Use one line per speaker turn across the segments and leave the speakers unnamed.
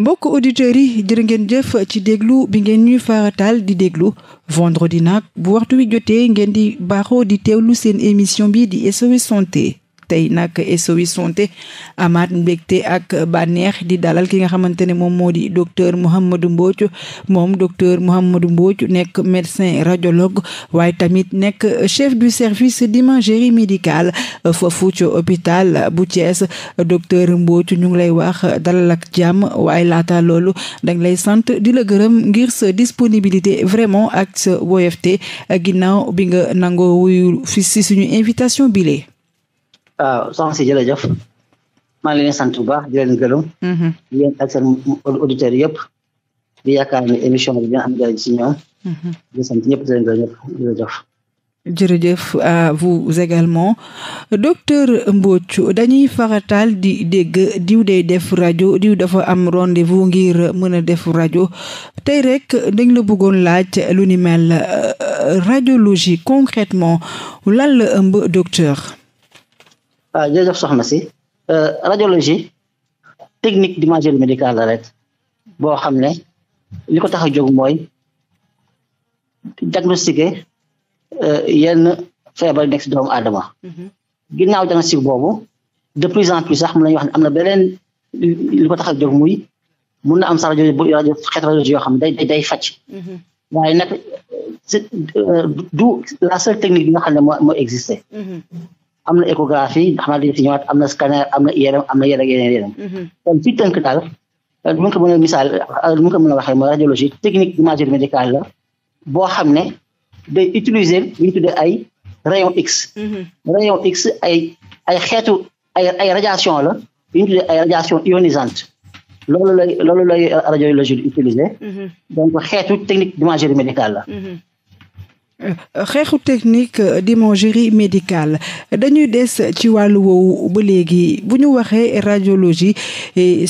mbokk auditeurs yi jërë ngeen jëf ci déglu bi ngeen ñuy faratal di déglu vendredi nag bu waxtu wi jotee ngeen di baaxoo di teewlu seen émission bi di SOS santé tey nag SOS santé amaat mbégte ak bànneex di dalal ki nga xamante ne moom moo di docteur Mouhamadou Mbodj moom docteur Mouhamadou Mbodj nekk médecin radiologue waaye tamit nekk chef du service d'imagerie médicale foofu ci hôpital bu Thiès docteur Mbodj ñu ngi lay wax dalal ak jàmm waaye laata loolu dañ lay sant di la gërëm ngir sa disponibilité vraiment ak sa woyofte ginnaaw bi nga nangoo wuyu fi si suñu invitation bile
waaw euh, soxna si jërëjëf maa ngi leen sant bu baax di leen gërëm yéen mm-hmm. ak seen auditeurs yëpp di yaakaar ne émission bi dina am njëriñ si ñoom mm-hmm. di sant ñëpp di leen gërëm ñëpp
jërëjëf également docteur Mbodj dañuy faratal di dégg diw day def rajo diw dafa am rendez ngir mën a def rajo tey rek dañ la bëggoon laaj lu ni mel euh, radiologie concrètement lan la docteur
waaw euh, jërëjëf soxna si euh, radiologie technique d'imagerie médicale la rek boo xam ne li ko tax a jóg mooy diagnostiquer euh, yenn feebar nekk si doomu aadama. Mhm. ginnaaw diagnostic boobu de plus en plus sax mun nañu wax am na beneen li ko tax a jóg muy mun na am sax rajo radiologie yoo xam ne day day faj. Mhm. waaye nag du la seule technique bi nga xam ne moo moo am na échographie nga xamante ni am na scanner am na IRM am na yeneen yeneen yeneen mhm. kon fi tënk daal du euh, ma ko mën a misaal du euh, ma ko mën a waxee mooy radiologie technique d'imagerie médicale la boo xam ne day utiliser li ñu tuddee ay rayon X mhm. rayon X ay ay xeetu ay ay radiation la li ñu tuddee ay radiation ionisante loolu lay loolu lay euh, radiologie di utiliser mhm. donc xeetu technique d'imagerie médicale la
xeexu technique euh, d'imagerie médicale dañuy des ci wàllu woowu ba léegi bu ñu waxee radiologie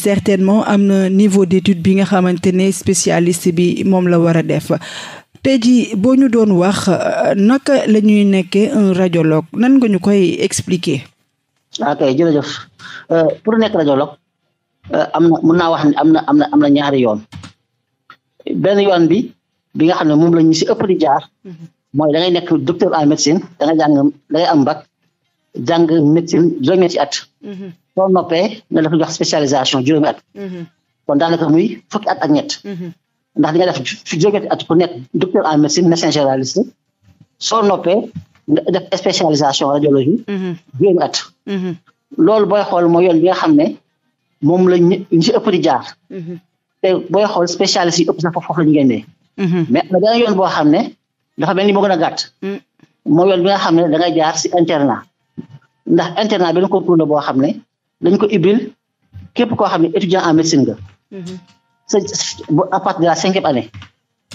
certainement am na niveau d'étude bi nga xamante ne spécialiste bi moom la war a def tey jii boo ñu doon wax euh, naka la ñuy nekkee un radiologue nan nga ñu koy expliquer.
ok ah, jërëjëf euh, pour nekk radiologue am na mën naa wax ne am na am na am na ñaari yoon benn yoon bi bi nga xam ne moom la ñu ëpp di jaar. Mhm. mooy da ngay nekk docteur en médecine da ngay jàng da ngay am bac jàng médecine juróomi at. Mhm. soo noppee nga la ko jox spécialisation juróomi at. Mhm. kon daanaka muy fukki at ak ñett. Mhm. ndax di nga def juróomi at ku nekk docteur en médecine médecin généraliste soo noppee spécialisation radiologie. juróomi at. loolu booy xool mooy yoon bi xam ne moom la ñu ñu si ëpp jaar. te xool spécialiste yi ëpp na foofu la ñu génnee. xam ne. dafa mel ni moo gën a gàtt. Mm. moo yoon bi nga xam ne da ngay jaar si internat ndax internat benn concours la boo xam ne dañ ko ibil képp koo xam ne étudiant en mm-hmm. sa à partir de la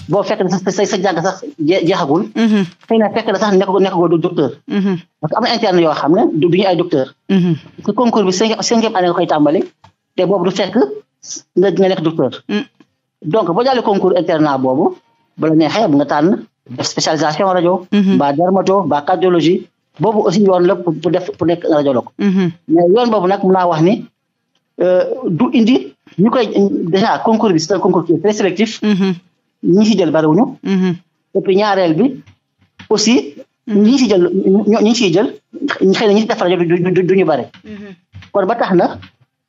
boo fekk na sa sa jàng sax jeexagul. Mm-hmm. xëy na fekk na sax nekk nekkagoo mm-hmm. yoo xam ne du ñu ay docteur. parce que concours bi cinquième cinquième année nga koy tàmbali te boobu mm. donc boo jàllee concours internat boobu bala neexee def spécialisation rajo. mbaa mhm. dermato mbaa cardiologie boobu aussi yoon la pour def pour nekk radiologue. Mhm. mais yoon boobu nag mun naa wax ni euh, du indi ñu koy déjà a bi c'est un très sélectif. Mhm. ñi ci jël bariwuñu. et puis ñaareel bi aussi. ñi ci jël ñi ciy jël xëy na ñi def rajo du du bare. kon ba tax na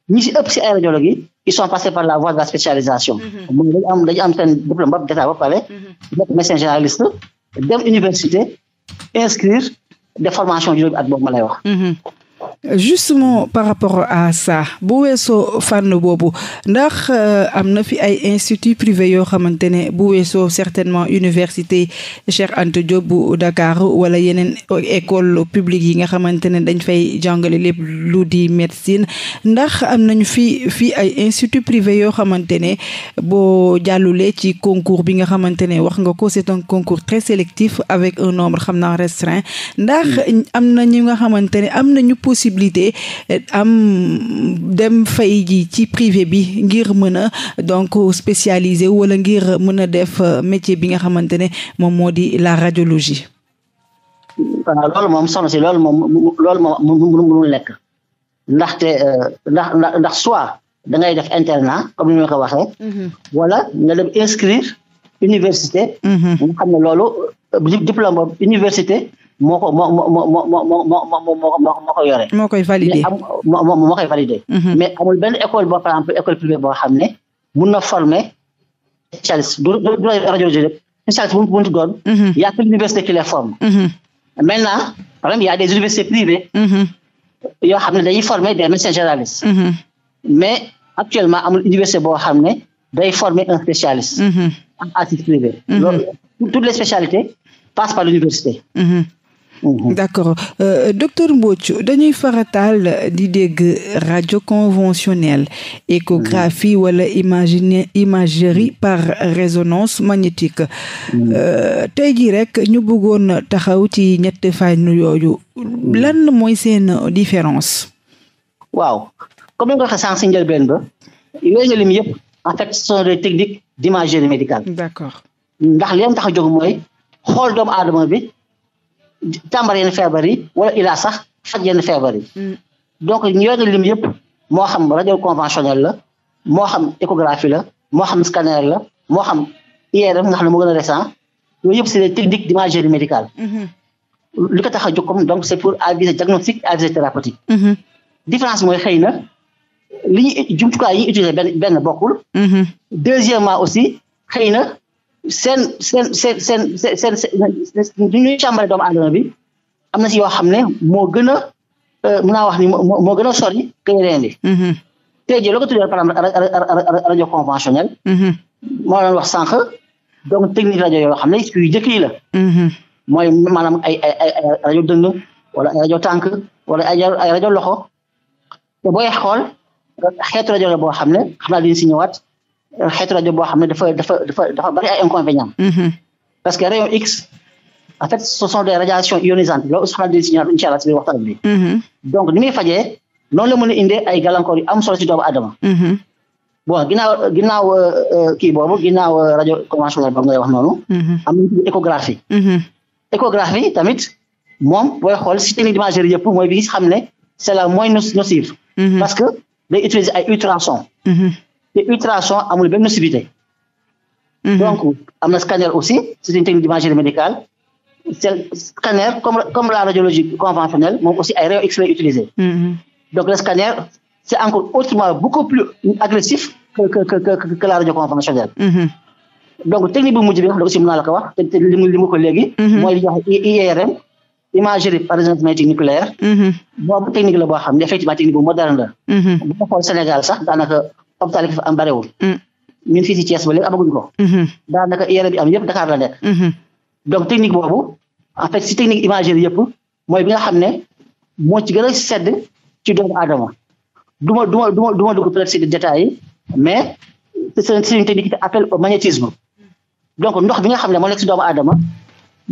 ñi ci ëpp ci ay radiologue ils sont passés par la voie de la spécialisation. moom mm-hmm. am dañu diplôme ba d'état ba pare. Eh? nekk médecin mm-hmm. généraliste dem université inscrire des formations juróomi at boobu ma
mm-hmm. justement par rapport à ça bu weesoo fànn boobu ndax euh, am na fi ay institut privé yoo xamante ne bu weesoo certainement université Cheikh Anta Diop bu Dakar wala yeneen école publique yi nga xamante ne dañ fay jàngale lépp lu di médecine ndax am nañu fi fii ay institut privé yoo xamante ne boo jàllulee ci concours bi nga xamante ne wax nga ko c'est un concours très sélectif avec un nombre xam naa restreint ndax mm. am na ñi nga xamante ne am nañu possibilité possibilité euh, am dem fay ji ci privé bi ngir mën a donc spécialisé wala ngir mën a def euh, métier bi nga xamante ne moom moo di la radiologie.
Ah, loolu moom soxna si loolu moom loolu moom mënul nekk ndaxte euh, ndax ndax soit da ngay def internat comme ni ma ko mhm. wala nga dem inscrire université. Mhm. nga xam ne loolu diplôme université. moo ko moo moo moo moo moo moo moo ko yore. moo koy validé moo moo koy validé. mais amul benn école boo par exemple école privée boo xam ne mun na former spécialiste du du du radiologie rek spécialiste bu mu doon. y a que l'université qui les forme. maintenant par a des universités privées. yoo xam ne dañuy former des médecins généralistes. mais actuellement amul université boo xam ne day former un spécialiste. toutes les spécialités passent par l'université.
Mhm. d'accord euh, docteur Mbodj dañuy farataal di dégg radio conventionnelle échographie mhm. wala imagine imagerie par résonance magnétique mhm. euh, tey jii rek ñu bëggoon taxaw ci ñett fànn yooyu lan mooy seen différence
waaw comme ni nga ko waxee si njëlbeen ba yooyu nga lim yëpp en fait ce sont des d'imagerie médicale d'accord ndax li leen tax a jóg mooy xool doomu aadama bi càmbar yenn feebar yi wala ilaa sax faj yenn feebar yi mm. donc yooyu lim yëpp moo xam radio conventionnel la moo xam échographie la moo xam scanner la moo xam IRM nga xam ne moo gën a récent yooyu yëpp c'est des techniques d'imagerie médicale mm-hmm. li ko tax a jóg comme donc c'est pour à visée diagnostique à thérapeutique mm-hmm. différence mooy xëy li ñuy yi utiliser benn bokkul mm-hmm. deuxièmement aussi xëy seen seen seen seen seen seen du a càmbale doomu aadama bi am na si yoo xam ne moo gën a euh, mën naa wax ni moo gën a sori que yeneen yi. tey jii loo ko tuddee a exemple rajo conventionnel. Mm-hmm. moo doon wax sànq donc technique rajo yoo xam ne yu jëkk yi la. Mm-hmm. mooy maanaam ay ay ay rajo dëng wala ay rajo tànk wala ay ay rajo loxo te booy xool xeetu rajo la xam ne xam naa duñ si ñëwaat. xeetu rajo boo xam ne dafa dafa dafa dafa bari a inconvénients. Mm-hmm. parce que rayon X en fait ce sont des radiations ionisantes loolu soxna di signal incha allah si biir waxtaan bi. Mm-hmm. donc ni muy fajee noonu la mën a indee ay gàllankoor yu am solo si doomu aadama. Mm-hmm. bon ginnaaw ginnaaw euh, kii boobu ginnaaw euh, rajo conventionnel boobu ngay wax noonu. am nañu tuddee échographie. échographie tamit moom booy xool si technique d'imagerie yëpp mooy bi xam ne c'est la moins parce que day utiliser ay ultrasons. te ultrason amul benn nocivité. Mhm. donc am na scanner aussi c'est une technique d'imagerie médicale. c'est scanner comme comme la radiologie conventionnelle moom aussi ay rayons X-ray utilisé. Mhm. donc le scanner c'est encore autrement beaucoup plus agressif que que que que la radio conventionnelle. Mhm. donc technique bu bi nga xam ne aussi mën naa la ko wax te li mu ko léegi. mooy li imagerie par exemple magnétique nucléaire. boobu technique la boo xam effectivement technique bu moderne la. hôpital bi fa am barewul mm. ñun fii si Thiès ba léegi amaguñ ko mm-hmm. daanaka IRM bi am yëpp Dakar la nekk mm-hmm. donc technique boobu en fait si technique imagerie yëpp mooy bi nga xam ne moo ci gën a sedd ci doomu aadama du ma du ma du ma du ma si technique qui appelle au donc ndox bi nga xam ne moo nekk si doomu aadama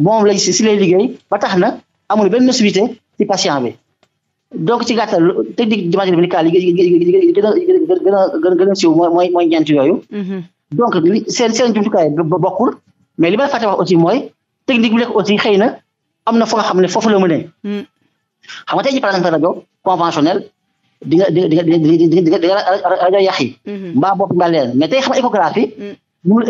moom lay si lay liggéey ba tax na amul benn possibilité ci patient bi donc ci gàttal technique d'imagerie médicale yi gën a gën a gën a siiw mooy mooy ñeent yooyu. Mhm. donc li seen seen jumtukaay bokkul mais li may fàtte aussi mooy technique bi nekk aussi xëy na am foo xam ne foofu la mënee. Mhm. xam nga tey jii par exemple rajo conventionnel di nga di nga di nga di nga di nga rajo yax yi. Mhm. mbaa bopp mbaa leen mais tey xam nga échographie. mu boo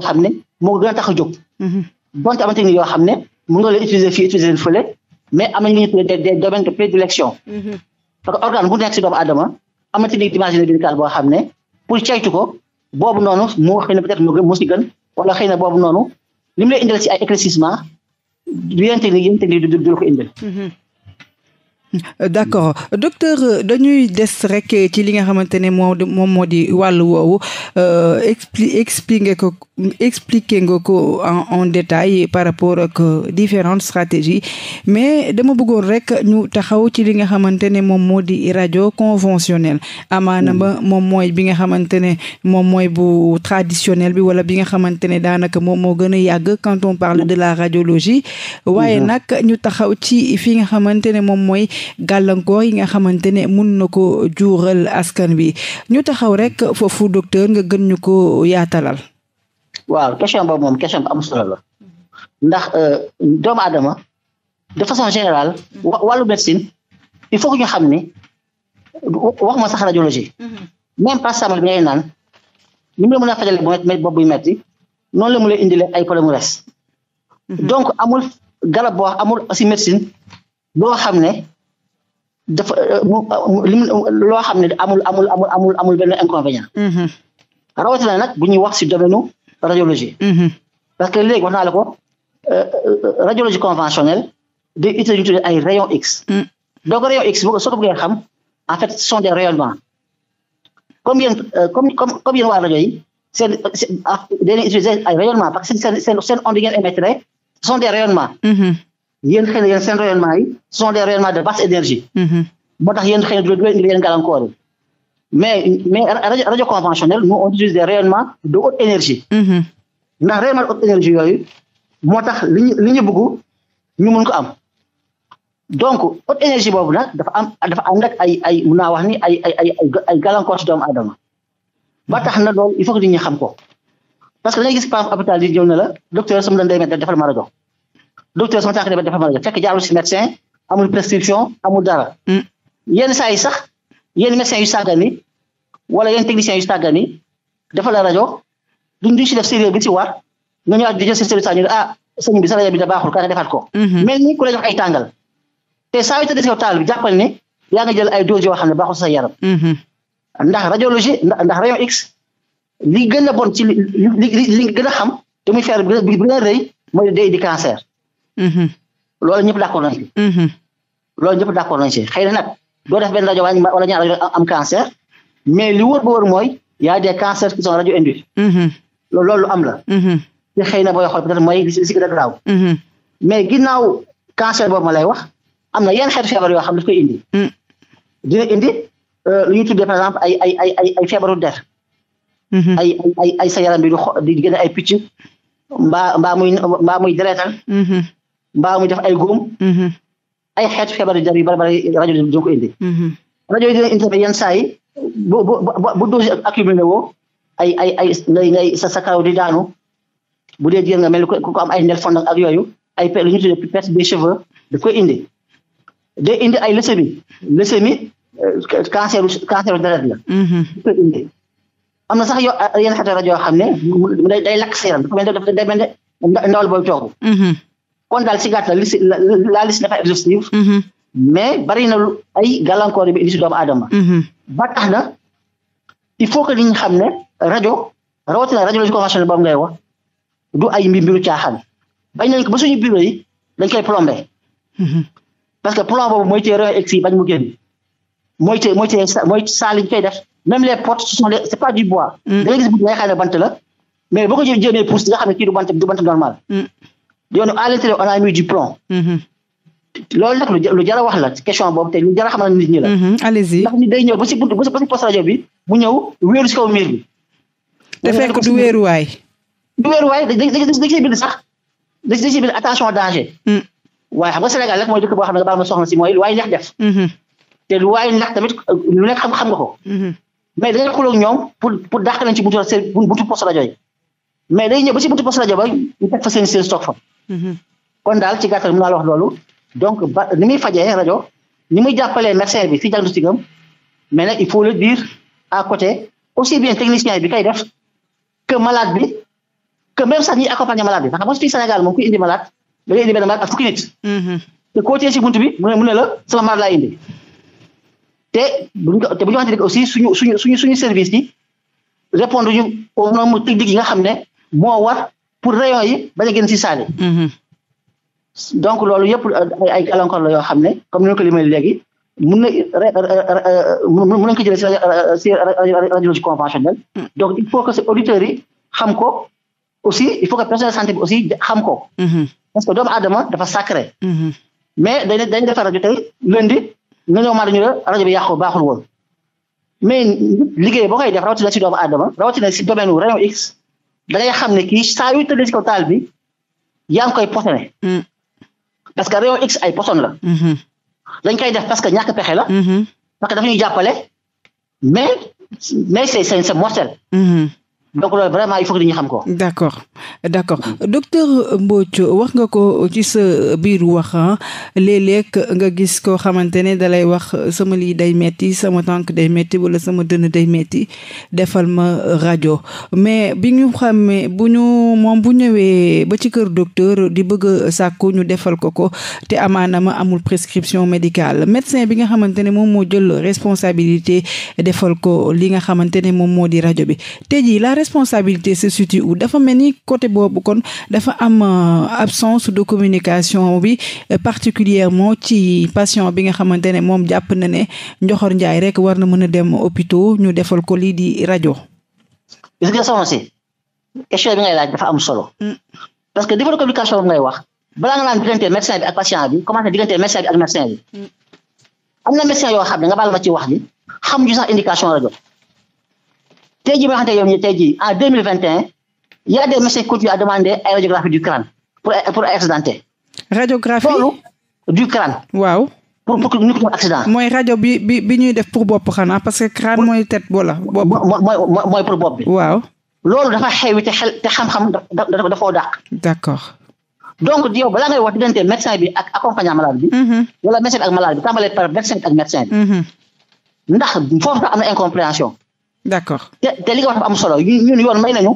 xam ne moo a tax a donte am na technique yoo xam ne mën nga leen utiliser fii utiliser leen fële mais am nañu lu ñuy tuddee de prédilection. Mhm. parce que organe bu nekk si doomu aadama am na technique xam ne pour caytu ko boobu noonu moo xëy boobu noonu li mu lay indil si ay éclaircissement yeneen technique yeneen technique du du ko indil. Mhm. Euh, d'accord
docteur euh, dañuy des rek ci li nga xamante ne moo moom moo di wàllu woowu euh, expli expliqué ko expliqué nga ko en en détail par rapport ak différentes stratégies mais dama buggoon rek ñu taxaw ci li nga xamante ne moom moo di rajo conventionnelle amaana ba mm. moom mooy bi nga xamante ne moom mooy bu traditionnel bi wala bi nga xamante ne daanaka moom moo gën a yàgg quand parle de la radiologie waaye nag ñu taxaw ci fi nga xamante ne moom mooy gàllankoor yi nga xamante ne mun na ko juural askan wi ñu taxaw rek foofu docteur nga gën ñu ko yaatalal.
waaw question boobu moom question bu am solo la ndax euh, doomu aadama de façon générale wàllu médecine il faut xam ni waxuma sax radiologie mm-hmm. même paracetamol bi ngay naan ni mu a fajale bopp metti noonu la mu lay ay problème res mm-hmm. donc amul garab boo amul aussi médecine boo xam ne dafa li euh, mu euh, loo xam ne amul amul amul amul amul benn inconvénient. Mm-hmm. rawatina nag bu ñuy radiologie. Mm-hmm. parce que léegi wax naa la ko euh, radiologie conventionnelle day utiliser ñu tuddee ay rayon X. Mm. donc rayon X boo ko soo ko bëggee xam en fait ce sont des rayonnements comme yéen comme comme comme yéen yi seen ah, utiliser ay rayonnements parce que seen seen seen onde yi ngeen yéen xëy na yéen seen rayonnement yi ce sont des rayonnements énergie. Mm-hmm. moo tax yéen xëy na du leen leen yi mais mais rajo rajo conventionnelle nous on utilise des rayonnements de haute mm-hmm. ndax rayonnement yooyu moo tax li ñu li ñu bëgg ñu mun ko am. donc haute énergie boobu nag dafa am dafa ànd ay ay naa wax ni ay ay ay ay gàllankoor ci doomu aadama ba tax na loolu il faut que xam ko parce que dañuy gis par hôpital yi la docteur Sow mu doon day defal ma rajo docteur sama tànk dafa mën a fekk jaarul si médecin amul prescription amul dara. Hmm. yenn saa yi sax yenn médecin yu sàggani wala yenn technicien yu sàggani dafa la rajo duñ duñ si def sérieux bi si war nga ñëwaat di jël si service ñu ah, bi sa rajo bi da baaxul kaa defaat ko. Hmm. mel ni ku la jox ay tàngal te saa yu tëddee si taal yaa nga jël ay doses yoo xam ne baaxul sa yaram. Hmm. ndax radiologie ndax rayon X li gën a bon ci li li li gën a xam te muy feer bi gën a rëy mooy day di cancer. Mm-hmm. loolu ñëpp d'accord nañ ci. Mm-hmm. loolu ñëpp d'accord nañ ci xëy na nag doo def benn rajo wala ñaar rajo am cancer mais li wóor ba wóor mooy y de des cancers qui sont radio induits. Mm-hmm. loolu am la. te xëy na booy xool peut-être mooy li si gën a graaw. mais ginnaaw cancer boobu ma lay wax am na yenn xeetu feebar yoo xam ne daf koy indi. Mm. dina indi euh, lu ñuy tuddee par exemple ay feebaru der. ay ay ay sa ay picc mbaa mbaa muy mbaa deretal. mbaa mu def ay góom mm-hmm. ay xeetu feebar jar yu bari bari rajo bi dina ko indi mm-hmm. rajo yi dina indi tamit yenn saa yi bu bu bu dose accumulé woo ay ay ay ngay ngay sa mel ni ku am ay ndel fond yooyu ay pe lu ñu tuddee perte des cheveux daf koy indi day indi ay leucémie euh, mm-hmm. am na sax yo yenn xeetu rajo yoo xam ne day lakk sa yaram dafa mel ndawal booy toogu kon daal si gàttal liste la liste exhaustive mhm. mais bari na ay gàllankoor yi bi indi si doomu aadama mhm. ba tax na il faut que nit xam ne rajo rawatina radiologie conventionnelle boobu ngay wax du ay mbi mbiru caaxaan bañ nañ ko ba suñu bureau yi dañ koy plombé mhm. parce que plomb boobu mooy téye rayon X yi bañ mu génn mooy téye mooy téye mooy def même les portes ce pas du bois da bu nga xam ne bant la mais boo ko jë jéemee pousse di nga xam ne kii du du bant normal yoonu à l'intérieur on a mis du plomb. Mm-hmm. loolu nag lu jar a wax la question boobu te lu jar a xamal nit ñi la. Mm-hmm. allez-y ndax day ñëw ba si da da da ciy bind sax da ciy bind attention danger. Mm. waaye xam nga Sénégal rek mooy dëkk boo xam ne nga baal ma soxna si mooy lu waay neex da mm-hmm. nga xuloo ak ñoom pour pour dàq leen ci buntu buntu poste mais day ñëw ba si buntu poste ba ñu teg fa. Mm-hmm. kon daal ci gàttal mun naa la loolu donc ba ni muy fajee rajo ni muy jàppalee médecin bi ci diagnostic am mais nag il faut le dire à côté aussi bien technicien bi kay def que malade bi que même sax ñuy accompagner malade bi ndax mos fii Sénégal moom kuy indi malade da ngay indi benn malade ak fukki nit mm-hmm. te si buntu bi mu mu la sama malade laa te bu ñu te bu ñu waxante rek aussi suñu suñu suñu suñu service yi répondre ñu aux normes techniques yi nga xam ne moo war pour rayon yi bañ a génn ci saal yi mm-hmm. donc loolu yëpp euh, ay gàllankoor la yoo xam ne comme ni ñu ko limee léegi mun na mun nañu ko jëlee si radiologie conventionnelle mm. donc il faut que ces auditeurs yi xam ko aussi il faut que personnel santé bi aussi xam ko mm-hmm. parce que doomu aadama dafa sacré mm-hmm. mais dañ dañ defar tey lundi nga ñëw maa dañu la rajo bi yàqu baaxul woon mais liggéey boo koy def rawatina si doomu aadama rawatina si domaine wu rayon X da xam ne kii saa yu tëddee ci taal bi yaa ngi koy posone mm. parce que rayon X ay poson la. Mm-hmm. dañ koy def parce que ñàkk pexe la. Mm-hmm. parce que dafa ñuy jàppale mais mais c'est c'est mortel. Mm-hmm. donc loolu vraiment il faut ñu xam ko.
d' accord d' accord docteur Mbodj wax nga ko ci sa biir wax ah. léeg-léeg nga gis koo xamante ne dalay wax sama lii day metti sama tànk day metti wala sama dënn day metti defal ma rajo mais bi ñu xamee bu ñu moom bu ñëwee ba ci kër docteur di bëgg a ñu defal ko ko te amaana ma amul prescription médicale médecin bi nga xamante ne moom moo jël responsabilité defal ko li nga xamante ne moom moo di rajo bi tey jii la responsabilité se situe où dafa mel ni côté boobu kon dafa am euh, absence de communication bi euh, particulièrement ci patient bi nga xamante ne moom jàpp na ne Ndiokhor njaay rek war na mën a dem hôpitaux ñu defal ko lii di rajo. gis
nga soxna si question bi ngay laaj dafa am solo. Mm. parce que niveau de communication boobu ngay wax. balaa nga naan diggante médecin bi ak patient bi commencé diggante médecin bi ak médecin bi. Mm. am na médecin yoo xam ne nga baal ma ci wax ni xam ñu sax indication rajo tey jii ma nga xamante yow nii tey jii en deux mille vingt a des ay radiographie du crâne pour pour ay accidenté. radiographie du crâne. waaw pour pour que ñu ko accident. mooy rajo
bi bi bi ñuy def pour bopp xanaa parce que crâne mooy tête bola bopp. mooy
mooy pour bopp bi. waaw loolu dafa xewi te xel te xam-xam dafa dafoo dàq. d'accord. donc yow balaa ngay wax diggante médecin bi ak accompagnant malade bi. Mm-hmm. wala médecin bi ak malade bi tàmbalee par médecin bi mm-hmm. ndax foofu sax d'accord te te li nga wax am solo ñun yoon may nañu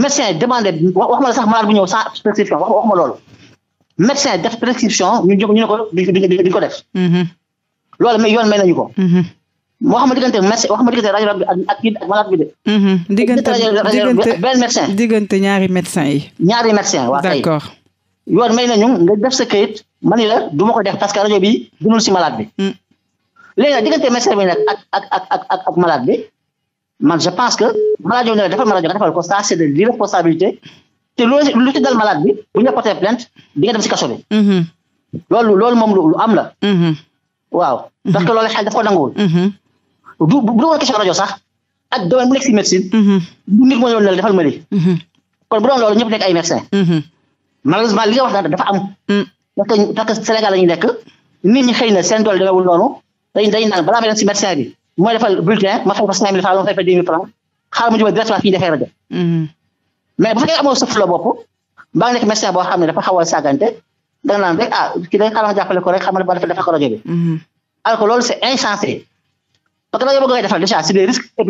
médecin demandé wax ma la sax malade bu ñëw sans prescription wax ma loolu médecin def prescription ñu jóg ñu ne ko duñ def mm-hmm. loolu yoon may nañu ko mm-hmm. ma diggante rajo ak kii ak malade bi de
mm-hmm. diggante benn médecin
diggante ñaari médecin yi ñaari médecin waa kay d'accord yoon def sa këyit man la du ma ko def parce que rajo bi dunul si malade bi mm. léegi nag diggante médecin bi nag ak ak bi man je pense que malade yooyu ne la defal malade yooyu nga defal ko ça c' est de l'irresponsabilité te loolu lu ci dal malade bi bu ñu porté plainte di nga dem si kaso bi. Mm-hmm. loolu lu am la. Mm-hmm. waaw mm-hmm. parce que loolu xel daf ko nanguwul. bu doon question rajo sax ak domaine bu nekk si médecine. bu nit moo doon defal ma kon bu doon loolu ñëpp nekk ay médecin. malheureusement li wax daal dafa am. Mm. parce que parce que Sénégal la ñu nekk nit ñi seen doole demewul noonu dañ dañ naan balaa mooy defal bulletin ma fay ko cinq mille francs ma fay ko dix mille francs xaaral ma jubal directement fii defee rajo mais bu fekkee amoo suuf la bopp ba a da nga naan rek ah kii day xaaral ma jàppale ko rek xam ne ba dafa dafa ko rajo bi alors que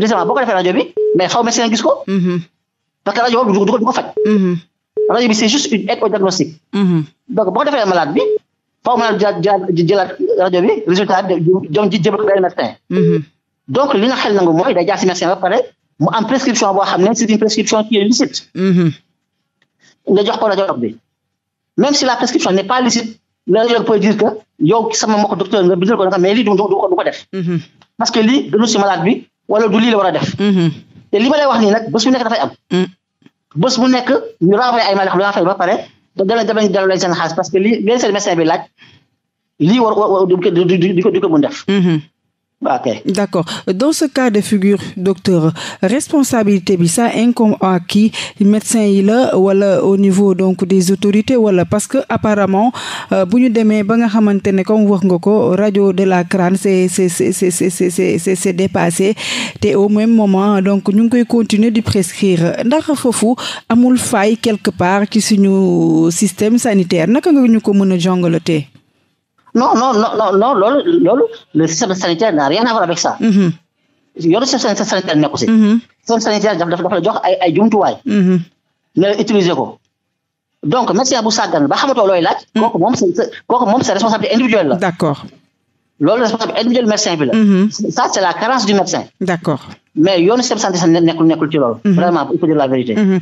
defal rajo bi mais faw médecin gis parce que rajo bi c'est juste une aide au diagnostic donc li nga xel nangu mooy day jaar ci médecin ba pare mu am prescription boo xam ne c'est une prescription qui est licite. Mhm. nga jox ko radiologue bi même si la prescription n'est pas licite le du du ko du ko def. Mhm. parce que lii gënu ci bi la war a def. Mhm. te li ma lay wax nii nag bés bu nekk dafay am. Mm. bés bu nekk ñu renvoyé ay malade lu nga fay ba pare dana dana delloo seen xaalis parce que li leen seen médecin bi laaj lii war war di ko di ko di ko mën def. ok
d'accord dans ce cas de figure docteur responsabilité bi ça incombe à qui médecin yi la wala au niveau donc des autorités wala parce que apparemment euh, bu ñu demee ba nga xamante ne comme wax nga ko radio de la crane c'est c'est c'est c'est c'est c'est dépassé te au même moment donc ñu ngi koy continuer di prescrire ndax foofu amul fay quelque part ci suñu système sanitaire naka nga ñu ko mën a jongalatee
non non non non loolu loolu le système sanitaire n'a rien à voir avec ça. yoonu système sanitaire nekku si. système sanitaire dafa dafa la jox ay ay jumtuwaay. nga utiliser ko. donc médecin bu sàggan ba xamatoo looy laaj. kooku moom kooku moom c'est responsabilité individuelle la. d'accord loolu responsabilité individuelle médecin bi la. ça c'est la carence du médecin. d'accord. mais yoonu système santé sax nekkul nekkul ci loolu.
Mhm. vraiment il faut dire
mhm.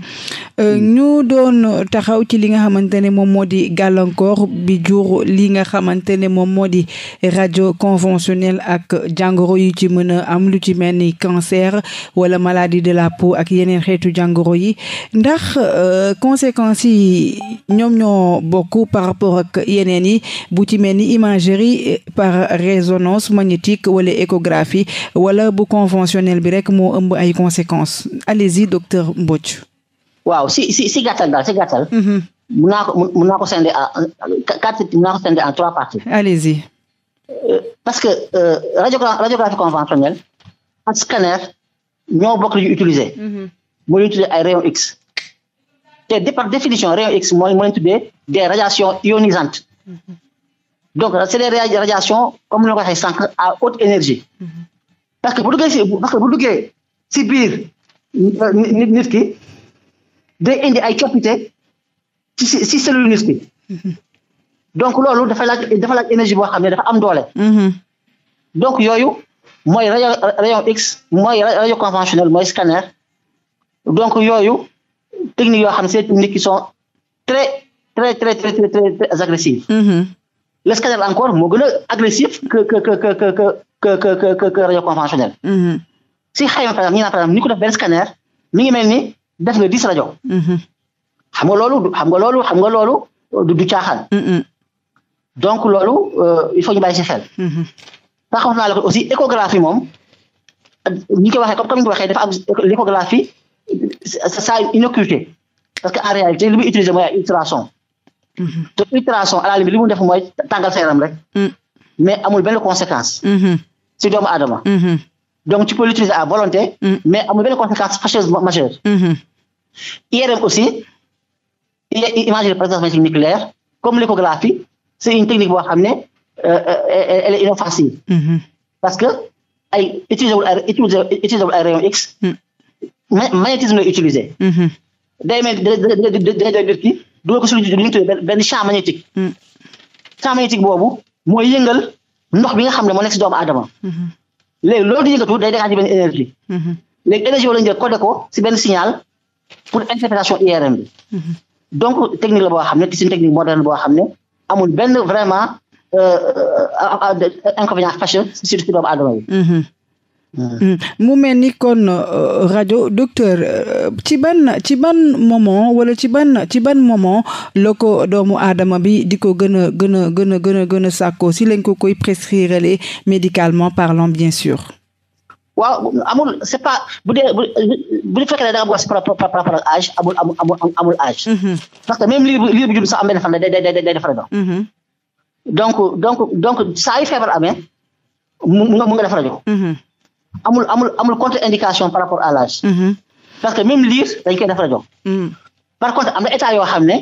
euh, mm. ñu
doon taxaw ci li nga xamante ne moom moo di gàllankoor bi jur li nga xamante ne moom moo di radio conventionnelle ak jàngoro yu ci mën a am lu ci mel ni cancer wala maladie de la peau ak yeneen xeetu jàngoro yi ndax euh, conséquences yi ñoom ñoo bokk par rapport ak yeneen yi bu ci mel ni imagerie par résonance magnétique wala échographie wala bu conventionnel bi rek. nekk moo ëmb ay conséquences allez-y
docteur Mbodj. waaw si si si gàttal daal si gàttal. Mhm. mun naa ko a naa ko scinder en quatre mun naa ko scinder en trois parties. allez euh, parce que euh, radiographie radiographie conventionnelle ak scanner ñoo bokk li utiliser. Mhm. mooy ñu tuddee ay rayon X. te de définition rayon X mooy mooy ñu des radiations ionisantes. Mhm. donc c'est des radiations comme ni ma ko waxee haute énergie. parce que bu duggee si parce que bu duggee si biir euh, nit nit ki day indi ay coppite ci si cellule nit ki mm-hmm. donc loolu dafa laaj dafa laaj énergie boo xam ne dafa am doole mm-hmm. donc yooyu mooy rayon rayon X mooy rayon conventionnel mooy scanner donc yooyu techniques yoo xam ne c'est techniques qui sont très très très très très très l'escanner encore moo gën a agressif que que que que que que que que que rajo conventionnel. Mm-hmm. si xayma par exemple ñu naan par ni ko def benn scanner mi ngi mel ni def nga dix rajo. Mm-hmm. xam nga loolu xam nga loolu xam nga loolu du caaxaan. Mm-hmm. donc loolu euh, il faut ñu bàyyi si xel. sax wax naa la ko aussi échographie moom ñi ko waxee comme comme ni ko waxee dafa am l'échographie ça a une parce que en réalité li muy utiliser mooy ultrason. te ultrason à la limite li mu def mooy tàngal sa yaram rek. mais amul benn conséquence. si doomu aadama. donc tu peux l'utiliser a volonté. mais amul benn conséquence fâcheuse majeure. IRM aussi imagerie par exemple nucléaire comme l'échographie c'est une technique boo xam ne elle est parce que ay utiliser wul utiliser wul ay rayon X. magnétisme lay utiliser. day mel day day day dugal ko si lu ñu tuddee benn champ magnétique. Mm. champ magnétique boobu mooy yëngal ndox bi nga xam ne moo nekk si doomu aadama. Mm-hmm. léegi loolu di yëngatu day dégagé benn énergie. Mm-hmm. léegi énergie boobu la ñu jël codé ko si benn signal pour interprétation IRM bi. Mm-hmm. donc technique la boo xam ne ci suñu technique moderne boo xam ne amul benn vraiment euh, euh, euh, inconvénient fâcheux surtout si doomu aadama bi.
Mm. mu mel ni kon euh, rajo docteur euh, ci ban ci ban moment wala ci ban ci ban moment la ko doomu aadama bi di ko gën a gën a gën gën a gën a si lañ ko koy prescrire médicalement parlant bien sûr.
waaw amul c'est pas bu dee bu bu fekkee ne da nga bëgg a si par rapport ak âge amul amul amul âge. Mm-hmm. que même liir bu liir bu day day day day defar rajo. Mm-hmm. donc donc donc saa yu feebar amee mu nga mu nga defar amul amul amul contre indication par rapport a l'âge mm-hmm. parce que même lire dañ koy defal jox mm-hmm. par contre am na état yoo xam ne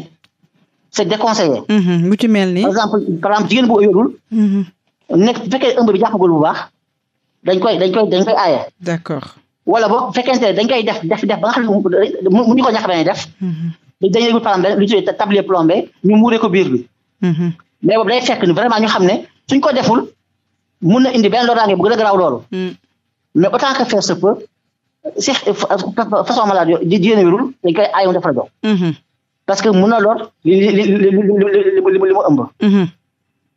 c'est déconseillé mm-hmm. mu ci mel ni par exemple par exemple jigéen bu yorul
nekk
bu fekkee ëmb bi jàppagul bu baax dañ koy dañ koy dañ koy aaye d'accord wala boo fekkente ne dañ koy def def def ba nga xam bi mais boobu day fekk ni vraiment ñu xam ne suñ ko deful mun na indi benn loraange bu gën a garaaw loolu mm. mais autant que faire se peut si façon malade di di yéen wérul mm-hmm. parce que mun na li li li li li
mu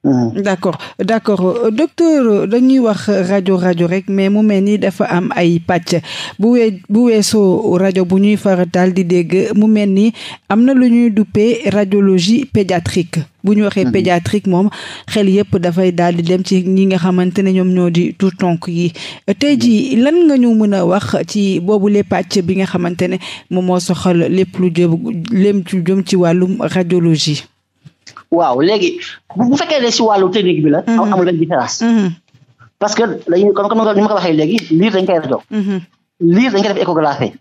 Mm. d' accord d' accord docteur dañuy wax rajo rajo rek mais mu mel ni dafa am ay pàcc bu wee bu weesoo rajo bu ñuy faratal di dégg mu mel ni am na lu ñuy duppee radiologie pédiatrique bu ñu waxee mm-hmm. pédiatrique moom xel yëpp dafay daal di dem ci ñi nga xamante ne ñoom ñoo di tout tonk yi tey jii mm-hmm. lan nga ñu mën a wax ci boobu les pàcc bi nga xamante ne moom soxal lépp lu jëm lépp lu jëm ci wàllum radiologie
waaw léegi bu fekkee ne si wàllu technique bi la. Mhm. amul benn différence. Mhm. parce que dañuy comme comme ni ma ko waxee léegi liir dañ koy rajo. Mhm. liir dañ koy def échographie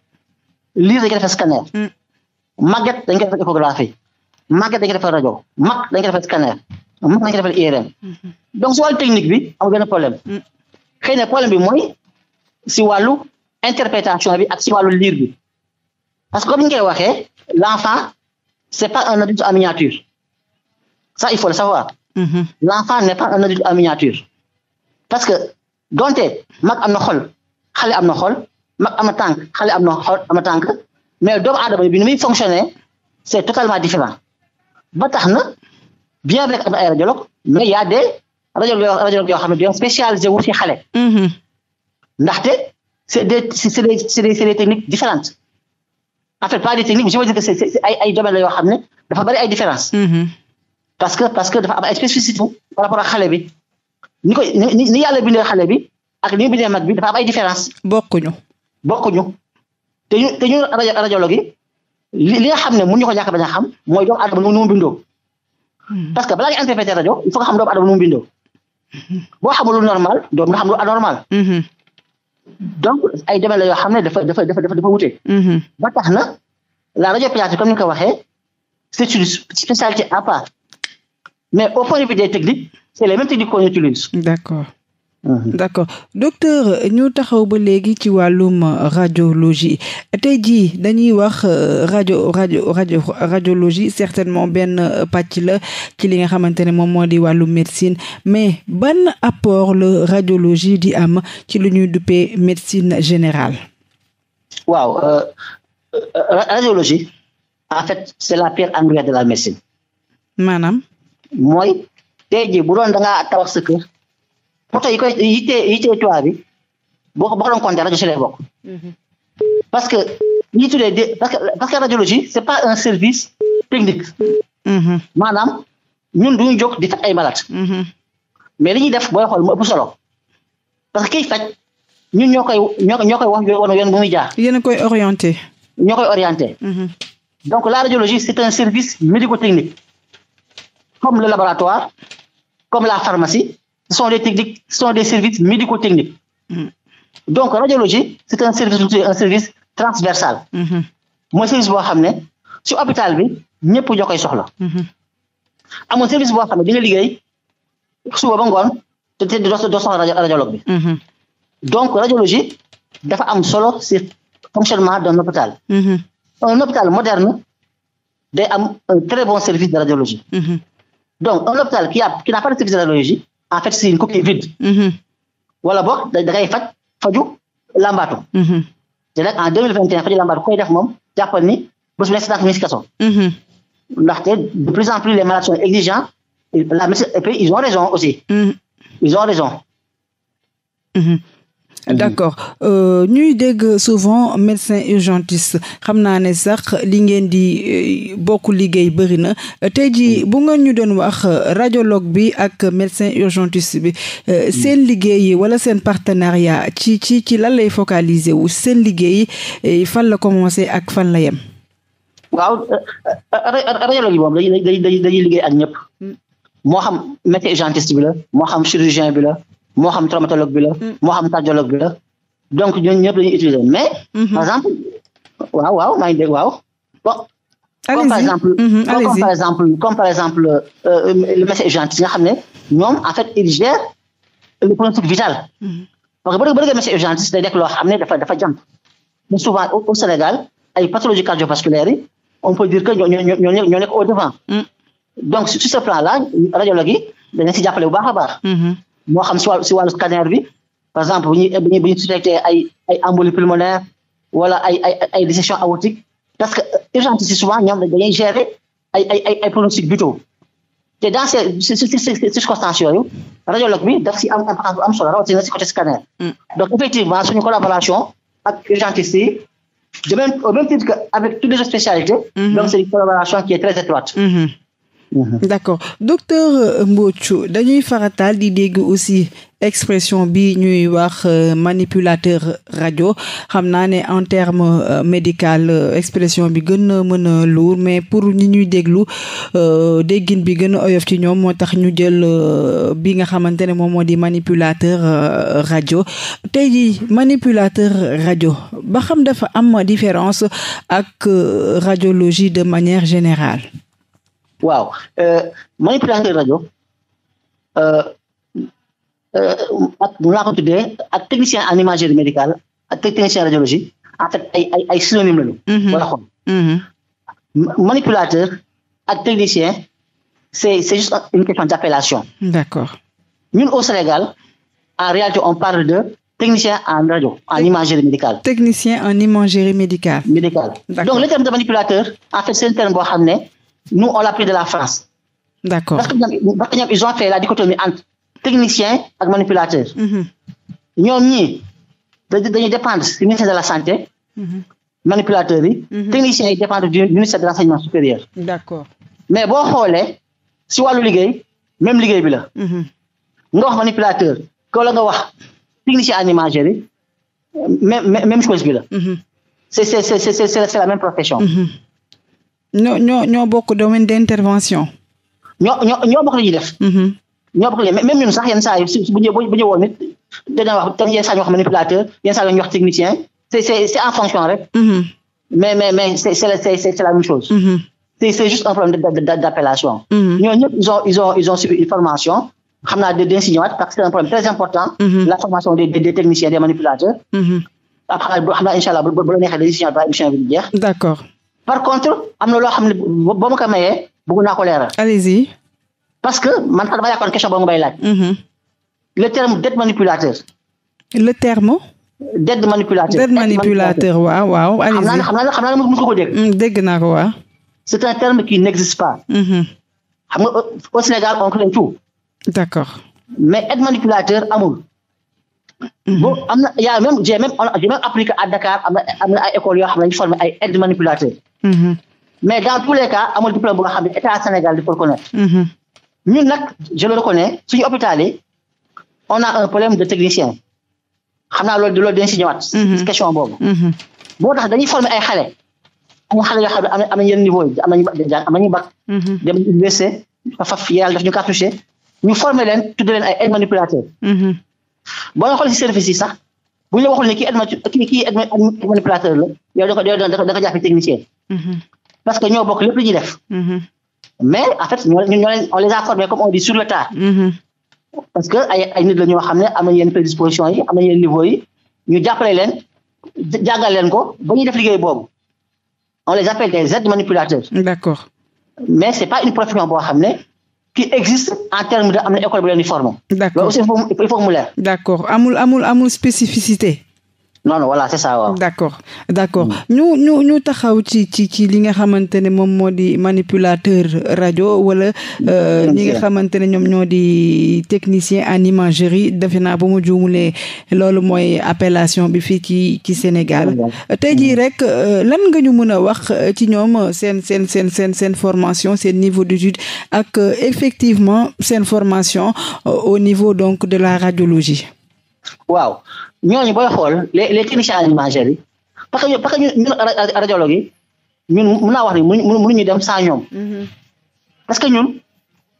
liir dañ koy def scanner. màgget dañ koy def échographie màgget dañ koy def rajo mag dañ koy def scanner mag dañ koy
def
technique bi amul benn problème xëy na problème bi mooy si wàllu interprétation bi ak si wàllu liir bi parce que comme koy waxee l' enfant c' est pas un adulte en miniature. Ça, il faut le savoir. Mm -hmm. L'enfant n'est pas un adulte miniature. Parce que donte mag am na xol xale am na xool mag am na tànk xale am na xol am na tànk mais doomu aadama bi ni muy fonctionner c'est totalement différent ba tax na bien vrai que am na ay radiologue mais y a des radiologue radiologue xam ne dañoo spécialisé wu si xale. Mm-hmm. ndaxte c'est des c'est des c'est des yoo xam ne dafa bari ay différences. Mm-hmm. parce que parce que dafa am ay spécificité par rapport ak xale bi ni koy ni yàlla bindee xale bi ak li li nga xam ne mun ñu ko a xam mooy doomu adama nu mu bindoo hmm. parce que balaa nga interpréter rajo il faut nga xam doomu adama nu mu bindoo hmm. boo xamul lu normal doom nga xam lu anormal hmm. donc ay domaine la spécialité à part Mais au point de vue des techniques, c'est les mêmes techniques qu'on utilise. D'accord. Mhm.
docteur ñu taxaw ba léegi ci wàllum radiologie tey jii dañuy wax euh, rajo rajo rajo radiologie certainement benn pàcc la ci li nga xamante ne moom moo di wàllum médecine mais bann apport la radiologie di am ci lu ñuy duppee médecine générale.
waaw euh, euh, euh radiologie en fait c'est la pierre angulaire de la médecine. maanaam. mooy tey jii bu doon da ngaa tabax sa kër poto yi koy yittee yittee toit bi boo ko boo ko doon compter mhm. parce que ñi tuddee de parce que parce que radiologie c' est pas un service technique. Mhm. maanaam ñun du ñu jóg di faj ay malade. Mhm. mais li ñuy def booy xool mu ëpp solo parce que kiy faj ñun ñoo koy ñoo ñoo koy wax yoon bu muy jaar. yéen a koy orienté. ñoo koy orienté. donc la radiologie c' un service médico technique. comme le laboratoire, comme la pharmacie, ce sont des techniques, ce sont des services médico-techniques. Mm. Donc, radiologie, c'est un service, un service transversal. Mm-hmm. mooy service boo xam ne su hôpital bi ñëpp ñoo koy soxla. Mm-hmm. amul service boo xam ne di nga liggéey suba ba ngoon te te doo mm-hmm. donc radiologie dafa am solo si fonctionnement d'un hôpital. un hôpital moderne très bon service de radiologie. donc un hôpital qui a qui n'a pas de physiologie en fait c'est coquille vide. Mm-hmm. wala boog da ngay faj faju làmbaatu. Mm-hmm. te nag en deux mille vingt et un faju koy def moom jàppal ni bés bu nekk cinquante mille kaso. Mm-hmm. ndaxte de plus en plus les malades sont exigeants la médecine et puis ils ont raison aussi. ils ont raison.
d'accord euh, ñuy dégg souvent médecin urgentiste xam naa ne sax li ngeen di euh, bokk liggéey bëri na tey jii mm. bu ngeen ñu doon wax radiologue bi ak médecin urgentiste bi euh, mm. seen liggéey wala seen partenariat ci ci ci lan lay focaliser wu seen liggéey fan la commencé
ak fan la yem. waaw radiologue yi moom dañuy dañuy dañuy liggéey ak ñëpp mm. moo xam médecin urgentiste bi la moo xam chirurgien bi la moo xam traumatologue bi la. Mm. moo xam cardiologue bi la. donc ñun ñëpp la ñuy utiliser mais. Mm-hmm. par exemple waaw waaw maa ngi dégg waaw. bon comme par mm-hmm, exemple. comme par exemple comme par exemple le médecin urgentiste nga xam ne ñoom en fait il gère le pronostic vital. Mm-hmm. parce que bu dee médecin urgentiste day nekk loo xam ne dafa dafa jàmp. mais souvent au Sénégal ay pathologies cardiovasculaires yi on peut dire que ñoo ñoo nekk au devant. Mm. donc sur ce plan là radiologue yi dañu si baax a baax. moo xam si wàllu si wàllu scanner bi par exemple bu ñuy bu ñuy bu ñuy suspecté ay ay embolie pulmonaire wala ay ay ay parce que euh, urgentiste si souvent ñoom dañuy gérer ay ay ay ay pronostics vitaux te dans ces circonstances yooyu bi daf si am importance bu am solo rawatina si côté scanner. Mm. donc effectivement suñu collaboration ak urgentiste de même au même titre que avec toutes les autres mm-hmm. donc c'est collaboration qui est très étroite. Mm-hmm. Mhm. d'accord
docteur euh, Mbodj dañuy farataal di dégg aussi expression bi ñuy wax euh, manipulateur radio xam naa ne en terme euh, médical expression bi gën a mën a lourd mais pour ñi ñuy déglu déggin bi gën a oyof ci ñoom moo tax ñu jël bi nga xamante ne moom moo di manipulateur radio tey ji manipulateur radio ba xam dafa am différence ak radiologie de manière générale
waaw euh, manipulateur rajo ak euh, nu euh, laa ko tuddee ak technicien en imagerie médicale ak technicien radiologie en fait ay ay ay synonyme mm-hmm. mm-hmm. manipulateur ak technicien c'est juste une question d'appellation. d'accord ñun au Sénégal en réalité on parle de technicien en radio en imagerie médicale. technicien en imagerie médicale. donc le terme de manipulateur en fait c'est un xam ne. Nous, on l'a pris de la France. D'accord. Parce qu'ils ont fait la dichotomie entre technicien et manipulateur. Mhm. ñoom ñii dañuy dépendre du ministère de la santé. Mhm. manipulateur yi. Mhm. technicien yi dépendre du ministère de l'enseignement supérieur. mais boo xoolee si wàllu liggéey même liggéey bi la. nga wax manipulateur ko la nga wax technicien animateur yi même même chose bi la. c'est c'est la même profession.
ñoo ñoo ñoo bokk domaine d'intervention.
ñoo ñoo ñoo bokk la ñuy def. Mm-hmm. ñoo bokk la même ñun sax yenn saa yi si bu ñu bu ñu manipulateur yenn saa ñu wax technicien c'est en fonction rek. Mm-hmm. mais mais c'est la même chose. Mm-hmm. c'est juste un problème d'appellation. ñooñu ñëpp ils ont ils ont xam naa dañ si parce que c'est un problème très important. la formation des des techniciens des manipulateurs. après xam naa incha allah bu neexee dañ si ñëwaat ba émission d'accord. par contre am na loo xam ne boo ma maye mayee bëgg naa parce que man sax dama yàkkoon question boo nga bay laaj. Mm-hmm. le terme dette manipulateur. le terme. dette manipulateur dette manipulateur waaw waaw. allez-y xam naa ne xam mos ko dégg. Mm, dégg naa ko waaw. c'est un terme qui n'existe pas. Mm-hmm. xam au Sénégal on crée tout. d'accord. mais aide manipulateur amul. Mm-hmm. bon am na y' a même appliqué à Dakar am na am na ay écoles yoo xam ne dañu ay aide manipulateur Mm-hmm. mais dans tous les cas amul diplôme bu nga xam ne état Sénégal di ko reconnaître mm-hmm. ñun nag je le reconnais suñu hôpital yi on a un problème de technicien xam naa loolu di loolu dinañ si ñëwaat mm-hmm. question boobu moo tax dañuy former ay xale am xale yenn niveau yi am dem université faf yàlla daf ñu cartouché ñu former leen ay aide boo xool si service sax bu la waxul ne kii aide la yow da technicien Mm-hmm. parce que ñoo bokk lépp lu ñuy def. Mm-hmm. mais en fait ñoo ñoo leen on les a formés comme on dit sur le tas. Mm-hmm. parce que ay nit la ñoo xam ne am na yenn prédisposition yi am na yenn niveau yi ñu jàppale leen jàngal leen ko ba ñuy def liggéey boobu on les appelle des aides manipulateurs. d'accord mais c'est pas une profession boo xam ne qui existe en termes de am na école bu leen di former. d'accord loolu aussi il faut d'accord amul
amul spécificité.
non voilà c'est ça waaw. d'accord
d'accord mm. ñu ñu ñu taxaw ci ci ci li nga xamante ne moom moo di manipulateur rajo wala. Mm. Euh, ñi nga mm. xamante ne ñoom ñoo di technicien en imagerie defe naa ba mu juumulee loolu mooy appellation bi fii ci ci Sénégal. tey jii rek euh, lan nga ñu mën a wax euh, ci ñoom seen seen seen seen seen formation seen niveau d'étude ak effectivement seen formation au niveau donc de la radiologie.
waaw ñooñu booy xool le les techniciens alimentaires yi parce que parce que ñun radiologue yi ñun mu naa wax ni mënuñu dem sans ñoom. parce que ñun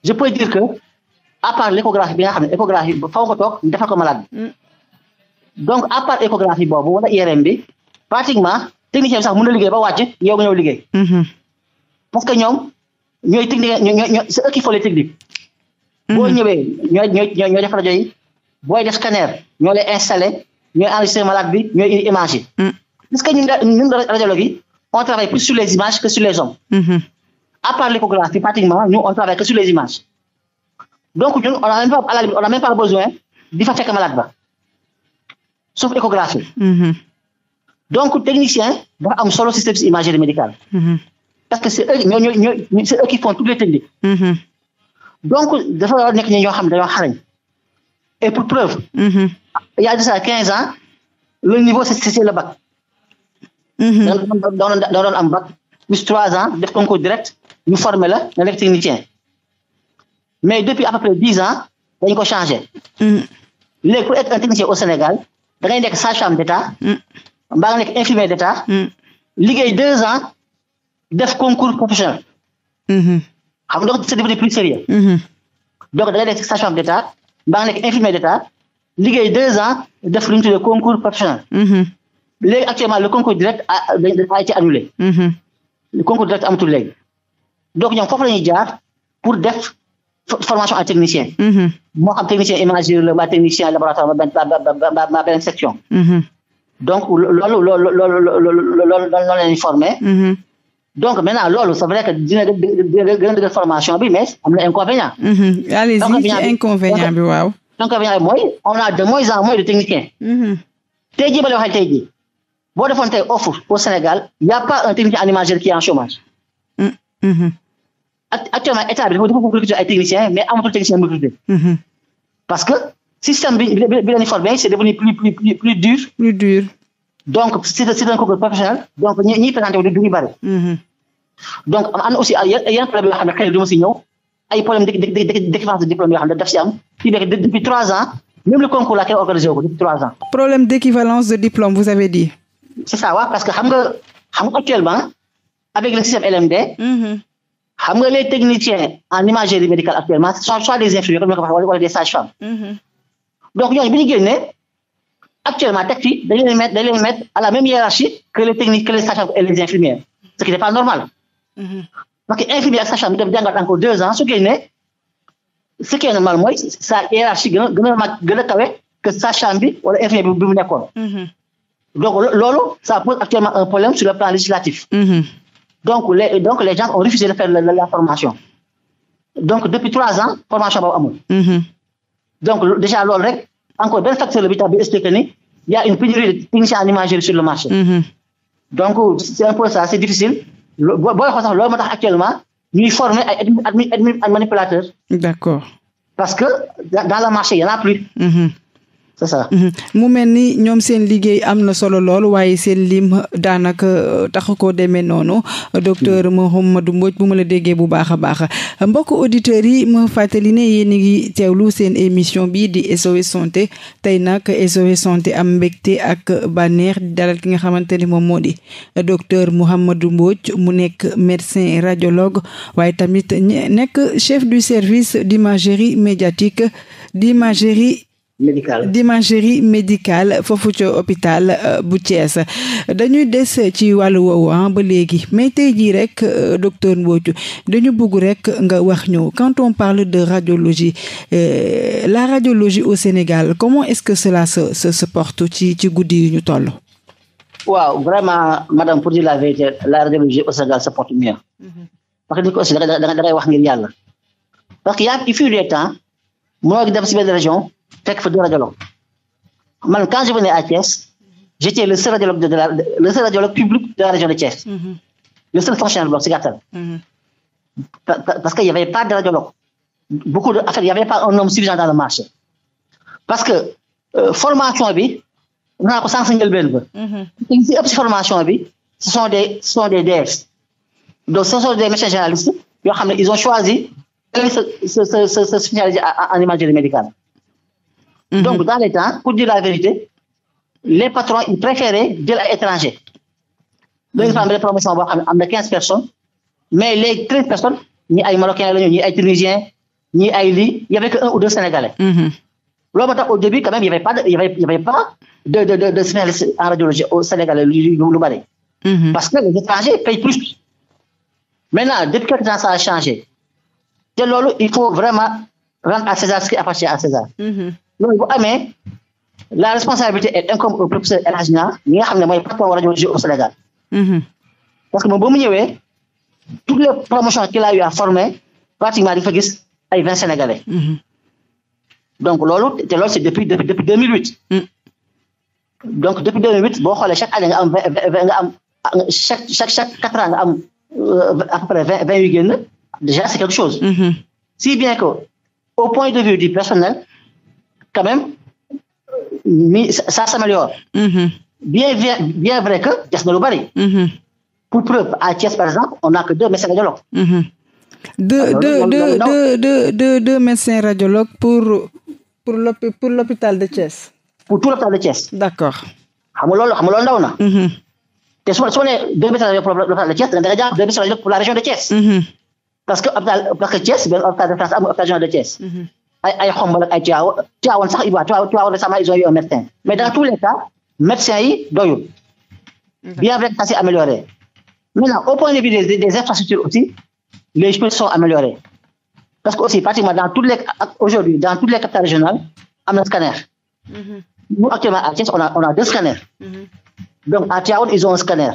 je peux dire que à part l'échographie bi nga xam ne échographie bi faw ko toog defal ko malade bi mm. donc à part échographie boobu wala IRM bi pratiquement technicien bi sax mën na liggéey ba wàcc yo nga ñëw liggéey. Mm-hmm. parce que ñoom ñooy technique ñooy ñooy c'est eux qui font les techniques. Mm-hmm. ñooy ñooy ñooy def yi. booy def scanner ñoo lay installé ñooy enregistré malade bi ñooy indi image yi. Mm. parce que ñun ñun radiologue yi on travaille plus sur les images que sur les hommes. Mm-hmm. à part l'échographie pratiquement nous on travaille que sur les images. donc ñun on a même pas à la limite on a même pas besoin di fa fekk malade ba sauf échographie. Mm-hmm. donc technicien dafa am solo système imagerie médicale. Mm-hmm. parce que c'est eux ñoo ñoo ñoo c'est eux qui font toutes donc dafa nekk ñi ñoo xam dañoo xarañ. Et pour preuve, mm -hmm. il a déjà 15 ans, le niveau, c'est le bac. da doon am bac plus trois ans def concours direct ñu formé la nga nekk mais depuis à peu près dix ans dañ ko changé mm-hmm. léegi pour être un technicien au Sénégal da ngay nekk sage-femme d'État mm-hmm. mbaa nga nekk infirmier d'État mm-hmm. liggéey deux ans def concours professionnel xam nga donc c'est devenu plus sage-femme d'État ba nga nekk infirmier d'état liggéey deux ans def lu ñu tuddee concours professionnel. Mhm. léegi actuellement le concours direct a a été annulé. Mhm. le concours direct amatul léegi. donc ñoom foofu la ñuy jaar pour def formation à technicien. Mhm. moo xam technicien imagerie la waa technicien laboratoire ma benn ma benn section. donc loolu loolu loolu loolu loolu la ñuy formé. donc maintenant loolu c'est vrai que dina gën a formation bi mais am na inconvénient. Mhm. allez-y ci
inconvénient bi waaw.
inconvénient bi on a de moins en moins de techniciens. Mhm. tey jii ba la waxee tey jii boo defoon offre au Sénégal y a pas un technicien animateur qui est en chômage.
Mm, mhm.
actuellement état bi dafa dafa recruter ay techniciens mais amatul technicien mu recruter. parce que système bi bi bi devenu plus dur. plus dur. donc si si dañ ko gën professionnel donc ñi ñiy présenté wu du ñu bëri. Mm-hmm. donc am na aussi yenn problème yoo xam ne du ma si ay problème d'équivalence de diplôme yoo xam ne daf si am depuis trois ans même le concours la kenn organisé wu ko depuis trois ans. problème d'équivalence de diplôme vous avez dit. c'est ça waaw parce que xam nga xam nga actuellement avec le système LMD. Mm-hmm. xam nga les techniciens en imagerie médicale actuellement soit des infirmiers comme ni ma actuellement teg fii dañu leen mettre dañu leen mettre à la même hiérarchie que les techniques que les sages et les infirmières ce qui n'est pas normal. Mm-hmm. parce que infirmier ak sage-femme encore deux ans su génnee ce qui est normal mooy sa hiérarchie a gën a mag que sage bi wala infirmier bi bi mu nekkoon. Mm-hmm. donc loolu ça pose actuellement un problème sur le plan législatif. Mm-hmm. donc les donc les gens ont refusé de faire la, la, la formation. donc depuis trois ans formation boobu amul. donc déjà loolu rek. encore benn facteur la bi tax bi expliqué ni y a une pénurie de techniciens sur le marché. Mm-hmm. donc c'est un peu ça c'est difficile. loo booy xool sax loolu moo actuellement ñuy former ay admi d'accord. parce que dans le marché y en a plus.
Mm-hmm. c'est mhm. mu mel ni ñoom seen liggéey am na solo lool waaye seen lim daanaka euh, tax koo demee noonu docteur Mouhamadou mhm. Mbodj bu ma la déggee bu baax a baax mbokk auditeurs yi ma fàttali ne yéen a ngi teewlu seen émission bi di SOS santé tey nag SOS santé am mbégte ak bànneex di dalal ki nga xamante ni moom moo di docteur Mouhamadou Mbodj mu nekk médecin radiologue waaye tamit nekk chef du service d'imagerie médiatique d'imagerie médical d'imagerie médicale foofu ca hôpital euh, bu Thiès dañuy des ci wàll woowu ah, ba léegi mais tey jii rek euh, docteur Mbodj dañu bëgg rek nga wax ñu quand on parle de radiologie euh, la radiologie au Sénégal comment est-ce que cela se se, se ci ci guddi yu ñu toll.
waaw vraiment madame pour dire la vérité la radiologie au Sénégal se porte mhm. parce que nit ko aussi da ngay wax ngir yàlla. parce que y' a il fut temps mënoo dem si benn région. fekk fa deux radiologues man quand je venais à Thiès j'étais le le seul radiologue public de la région de Thiès. Mm-hmm. le seul fonctionnaire bloc si mm-hmm. parce que y avait pas de radiologue beaucoup de affaire y avait pas un homme suffisant dans le marché parce que euh, formation bi naa ko sànq si njëlbeen ba. dañ mm-hmm. si ëpp donc ce sont des médecins généralistes yoo xam ne ils ont choisi spécialisé en imagerie médicale. Mmh. Donc, dans les temps, pour dire la vérité, les patrons, ils préféraient jël ay étranger. dañu fa am na quinze personnes mais les treize personnes ñi ay marocains la ñu ñi ay tunisiens ñi ay lii y avait que un ou deux sénégalais. Mhm. au début quand même y avait pas de de de de en radiologie au Sénégal lu bari. Mhm. parce que les étrangers payent plus. maintenant depuis quelque temps ça a changé te loolu il faut vraiment rendre à César ce qui appartient à César. Mhm. loolu bu amee la responsabilité elle incombe au professeur El Hadj nga xam ne mooy patron radiologie au Sénégal. Mm-hmm. parce que moom ba mu ñëwee toutes les promotions qu'il a eu à former pratiquement di fa gis ay vingt sénégalais. Mm-hmm. donc loolu te loolu c'est depuis depuis depuis deux mille huit. Mm. donc depuis deux mille huit boo xoolee chaque année nga am vingt nga am chaque chaque chaque quatre ans nga am euh, à peu vingt vingt yu déjà c'est quelque chose. Mm-hmm. si bien que au point de vue quand même mi ça s'améliore mm-hmm. bien bien bien vrai que des na lu bari mm-hmm. pour preuve à Thiès par exemple on n'a que deux médecins radiologues mm-hmm. deux deux deux deux
deux deux médecins radiologues pour pour l'hôpi pour l'hôpital de Thiès pour tout l'hôpital
de Thiès d'accord xam nga loolu xam nga loolu ndaw na te su ma su ma nee deux médecins radiologues pour l'hôpital de Thiès da nga jàpp deux médecins radiologues pour la région de Thiès parce que hôpital parce que Thiès benn hôpital de France amul hôpital régional de Thiès ay ay xombal ak ay Tiwaawan Tiwaawan sax waa Tiwaawan récemment ils ont eu un médecin mais dans tous les cas médecins yi doyul bien vrai que ça s'est amélioré maintenant au point de vue des, infrastructures aussi les choses sont améliorées parce que aussi pratiquement dans toutes les aujourd'hui dans toutes les capitales régionales am na scanner nous actuellement a on a deux scanners mm -hmm. donc ils ont un scanner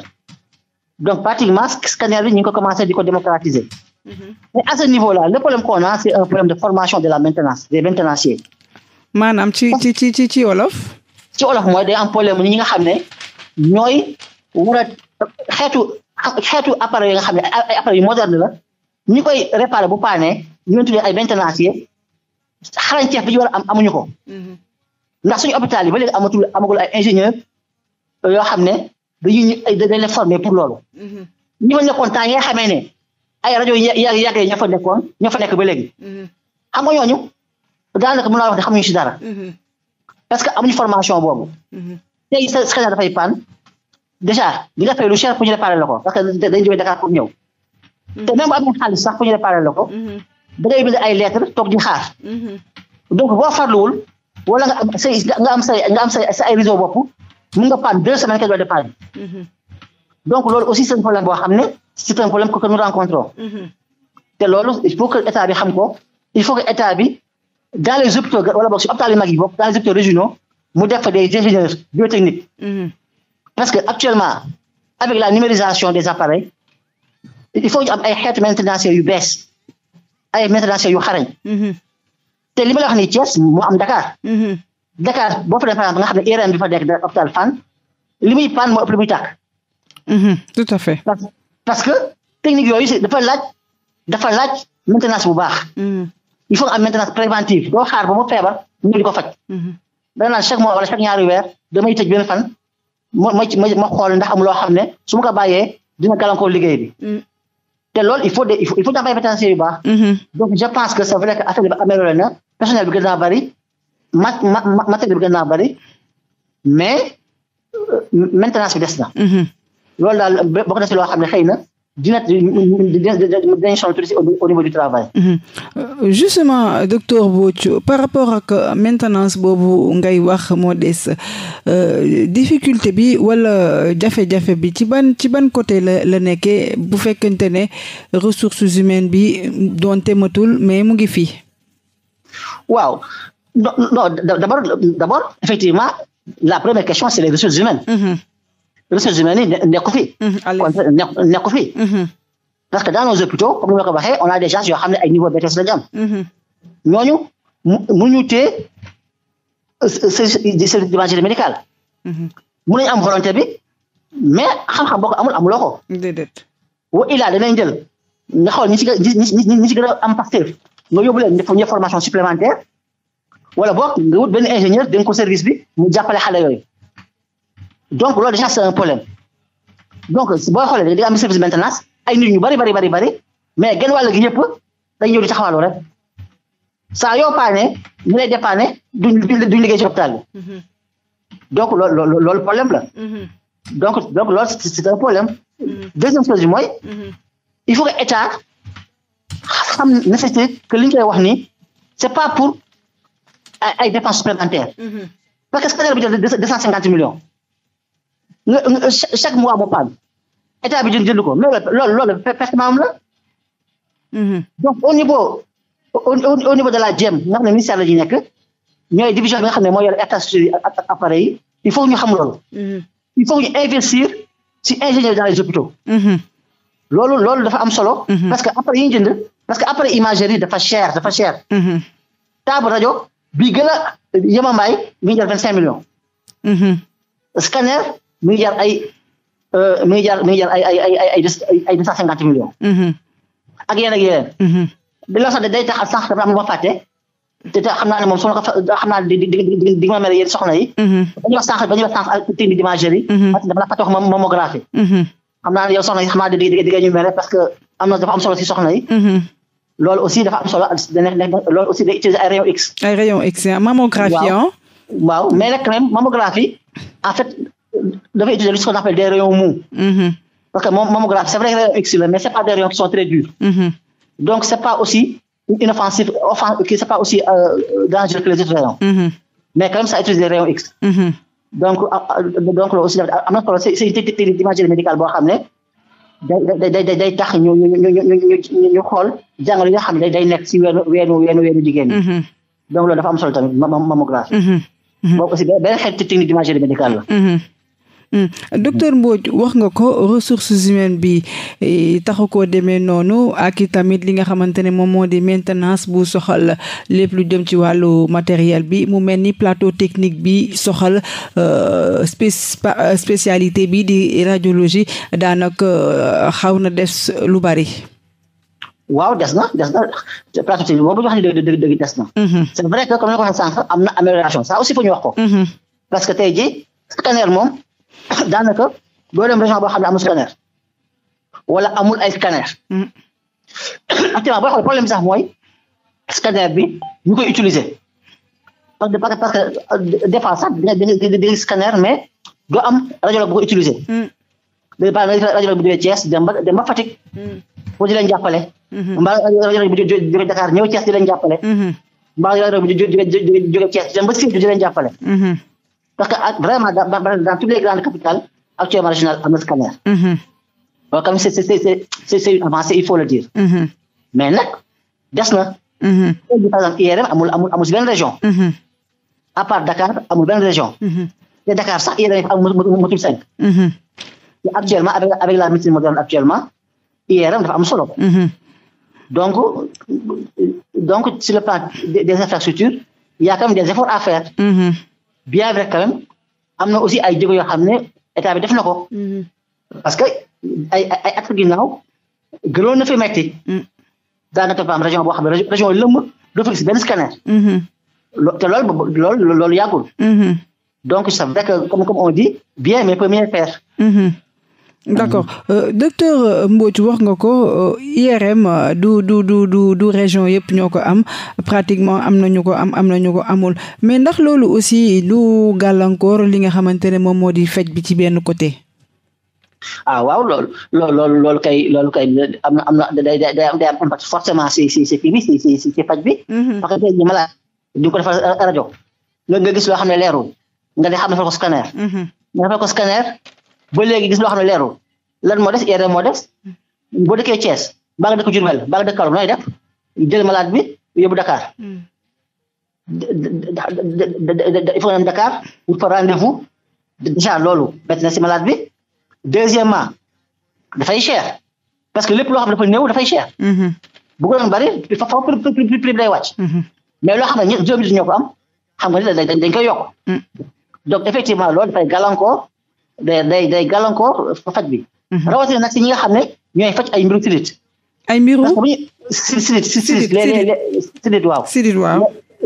donc pratiquement scanner bi ko commencé di ko démocratiser Mm-hmm. mais à ce niveau-là le problème qu'on a c'est un problème de formation de la maintenance des maintenanciers. maanaam ci ci ci ci ci wolof. ci wolof mooy day am problème ñi nga xam ne ñooy war xeetu xeetu appareil yi nga xam ne ay appareil yu moderne la ñi koy réparer bu paanee ñu leen tuddee ay maintenanciers xarañteef bi ñu war am amuñu ko. Mm-hmm. ndax suñu hôpital yi ba léegi amatul amagul ay ingénieur yoo xam ne dañuy dañ leen former pour loolu. Mm-hmm. ñi ma nekkoon temps yi xamee ne. ay rajo yi yàgg yàgg ña fa nekkoon ña fa nekk ba léegi. Mm-hmm. am nga ñooñu daanaka mën naa wax ne ñu si dara. Mm-hmm. parce que amuñu formation boobu. Mm-hmm. léegi sa scanner dafay panne déjà ñu dafay lu cher pour ñu réparer ko parce que dañu jógee Dakar pour ñëw. te même amul xaalis sax pour ñu réparer ko. da ngay bind ay lettres toog di xaar. donc boo farluwul wala nga am say nga am say am sa ay réseau bopp mun nga panne deux semaines kenn doon de panne. donc loolu aussi seen problème boo xam ne. c'est un problème que nous rencontrons. Mhm. te loolu il faut que état bi xam ko il faut que état bi dans les hôpitaux wala boog si hôpital yu mag yi dans les hôpitaux régionaux mu def fa de ingénieurs biotechniques. Mhm. parce que actuellement avec la numérisation des appareils il faut ñu am ay xeetu maintenanciers yu bees ay maintenanciers yu xarañ. Mhm. te li ma la wax nii Thiès moo am Dakar. Dakar boo fa demee par nga xam ne IRM bi fa nekk hôpital Fann li muy moo ëpp li tout à fait. parce que technique yooyu dafa laaj dafa laaj maintenance bu baax. Mm. il faut am maintenance préventive doo xaar ba mu feebar ñu di ko faj. Mm-hmm. da chaque mois wala chaque ñaari weer damay tëj benn fan ma ma ma xool ndax am loo xam ne su ma ko bàyyee dina gàllankoor liggéey bi. Mm. te loolu il faut de il faut il faut dafa pétentiel yu baax. Mm-hmm. donc je pense que c'est vrai que affaire bi amélioré na personnel bi gën naa bari mat mat matériel bi gën naa bari mais euh, maintenance bi des na. Mm-hmm. loolu daal bokk na si loo xam ne xëy na dina dinañ changer tuuti au niveau du travail. Mhm. Euh,
justement docteur Mbodj par rapport ak maintenance boobu ngay wax moo des euh, difficulté bi wala jafe-jafe bi ci ban ci ban côté la la nekkee bu fekkente ne ressources humaines bi doonte matul mais mu ngi fi
waaw non non effectivement la première question c'est les ressources humaines. Mhm. ressources humaines yi nekku fi. nekku fi. parce que dans nos hôpitaux comme ni ma ko waxee on a des gens yoo xam ne ay niveau BTS la ñu am. ñooñu mu ñu téye euh, service d'imagerie médicale. mun nañu am volonté bi mais xam-xam boo ko amul amuloo ko. déedéet. wa ilaa danañ jël nga xool ñi ci ñi ñi ci gën a am Pastef nga yóbbu leen ñu formation supplémentaire wala boog nga wut benn ingénieur dénk ko service bi mu jàppale xale yooyu. donc loolu déjà c'est un problème donc boo xoolee di nga am service de maintenance ay nit ñu bari bari bari bari mais genn wàll gi ñëpp dañ ñëw di taxawaalu rek saa yoo paane ñu lay dépanne du duñ liggéey ci hôpital mhm. donc loolu loolu problème la mhm. donc donc loolu c'est un problème mhm. deuxième chose bi mooy il faut que état xam nécessité que li ñu koy wax ni c'est pas pour ay dépenses supplémentaires parce que scalaire bi deux cent cinquante millions nga chaque mois mu panne état bi jënd jënd ko loolu loolu loolu perte mm-hmm. donc au niveau au niveau de la DIEM nga xam ne ministère la ñuy nekk ñooy division bi nga xam ne moo yor infrastructure ak appareil yi il faut ñu xam loolu. Mm-hmm. il faut ñu investir ci ingénieur dans les hôpitaux. Mm-hmm. loolu loolu dafa am solo. parce que appareil yi ñu jënd parce que appareil imagerie dafa cher dafa cher. table rajo bi gën a yemambaay mi vingt cinq millions. scanner. millions. Mm-hmm. ak yéen ak yéen. Mm-hmm. loolu sax day ma fàtte te xam naa ne moom soo ko xam naa di di di di ma mel yéen soxna yi. Mm-hmm. ba ñu a sànq a ñu wax sànq a technique d'imagerie. parce que dafa la fàtte wax mammographie. xam naa ne yow soxna yi xam naa di di di ñu mel parce que am na dafa solo si yi. loolu aussi dafa am solo loolu aussi day utiliser ay rayon X. ay rayon X ah, mammographie waaw ah. waaw mais nag dafay utiliser ce qu'on appelle des rayons mous. Mm-hmm. parce que mammographie c'est vrai rayon X la mais c'est pas des rayons qui sont très durs. Mm-hmm. donc c'est pas aussi inoffensif offensif c'est pas aussi euh, dangereux que mm-hmm. médicale boo xam ne day day tax ñu ñu ñu ñu xool jàngoro yi nga xam ne day nekk ci jigéen donc loolu dafa am solo tamit mammographie. boobu aussi benn xeetu technique médicale
Hmm. docteur Mbodj wax nga ko ressources humaines bi eh, taxu koo demee noonu ak i tamit li nga xamante ne moom moo di maintenance bu soxal lépp lu jëm ci wàllu matériel bi mu mel ni plateau technique bi soxal euh, spécialité bi di radiologie daanaka euh,
xaw na des lu bari. waaw des na des na plateau technique boobu ñu wax ni dëgg dëgg des na. Mm-hmm. c'est vrai que comme ni ko waxee sànq am na amélioration ça aussi faut ñu wax ko. Mm-hmm. parce que tey jii scanner moom. daanaka boo dem région boo xam ne amul scanner wala amul ay scanner mm. actuellement boo xam ne problème bi sax mooy scanner bi ñu koy utiliser parce que parce que des fois sax da nga scanner mais doo am radiologue bu ko utiliser. léegi par exemple radiologue bu jógee Thiès dem ba dem ba Fatick. pour mm. di leen jàppale. Mm-hmm. mbaa radiologue bu jógee Dakar ñëw Thiès di leen jàppale. Mm-hmm. mbaa radiologue bu jógee Thiès dem ba Sédhiou di leen jàppale. Mm-hmm. parce que ak vraiment dans, dans, dans toutes les grandes capitales actuellement régionales am na scalaire. mais nag des IRM amul amul région. à part Dakar amul benn région.
te
Dakar sax IRM amul motul cinq.
te
actuellement avec la médecine moderne actuellement IRM dafa am solo. donc donc le plan des infrastructures il y a des efforts à faire. bien vrai quand même am na aussi ay jéego yoo xam ne état bi def na ko. Mm-hmm. parce que ay ay at ginnaaw gënoon na fi metti. Mm. daanaka dafa am région boo xam ne région lëmm mm-hmm. lo te loolu loolu loolu mm-hmm. donc c'est vrai que comme comme on dit bien mais première paire.
d'accord mm-hmm. euh, docteur euh, Mbodj wax nga ko euh, IRM du du du du du région yëpp ñoo ko am pratiquement am na ñu ko am am na ñu ko amul mais ndax loolu aussi du gàllankoor li nga xamante ne moom moo di faj bi ci benn côté.
ah waaw loolu loolu loolu kay loolu kay am na am na da da day am impact forcément si si si kii bi si si si faj bi. Mm-hmm. parce que tey jii malade ko defal rajo nga gis loo xam ne leerul nga ba léegi gis loo xam ne leerul lan moo des IRM moo des hmm. boo dëkkee Thiès ba nga dëkk Diourbel ba nga dëkk Kaolack nooy def jël malade bi yóbbu Dakar hmm. il faut nga dem Dakar wut fa rendez-vous déjà loolu métti na si malade bi deuxièmement dafay cher parce que lépp loo xam ne dafa néew dafay cher hmm. bu ko doon bari fa fa prix bi day wàcc mais loo xam ne juróomi nit am xam nga ni dañ koy donc effectivement loolu dafay gàllankoor day day day gàllankoor faj bi. Mhm. rawatina nag si ñi nga xam ne ñooy faj ay mbiru sidit. ay mbiru parce que bu ñu sidit sidit les sidit waaw. sidit waaw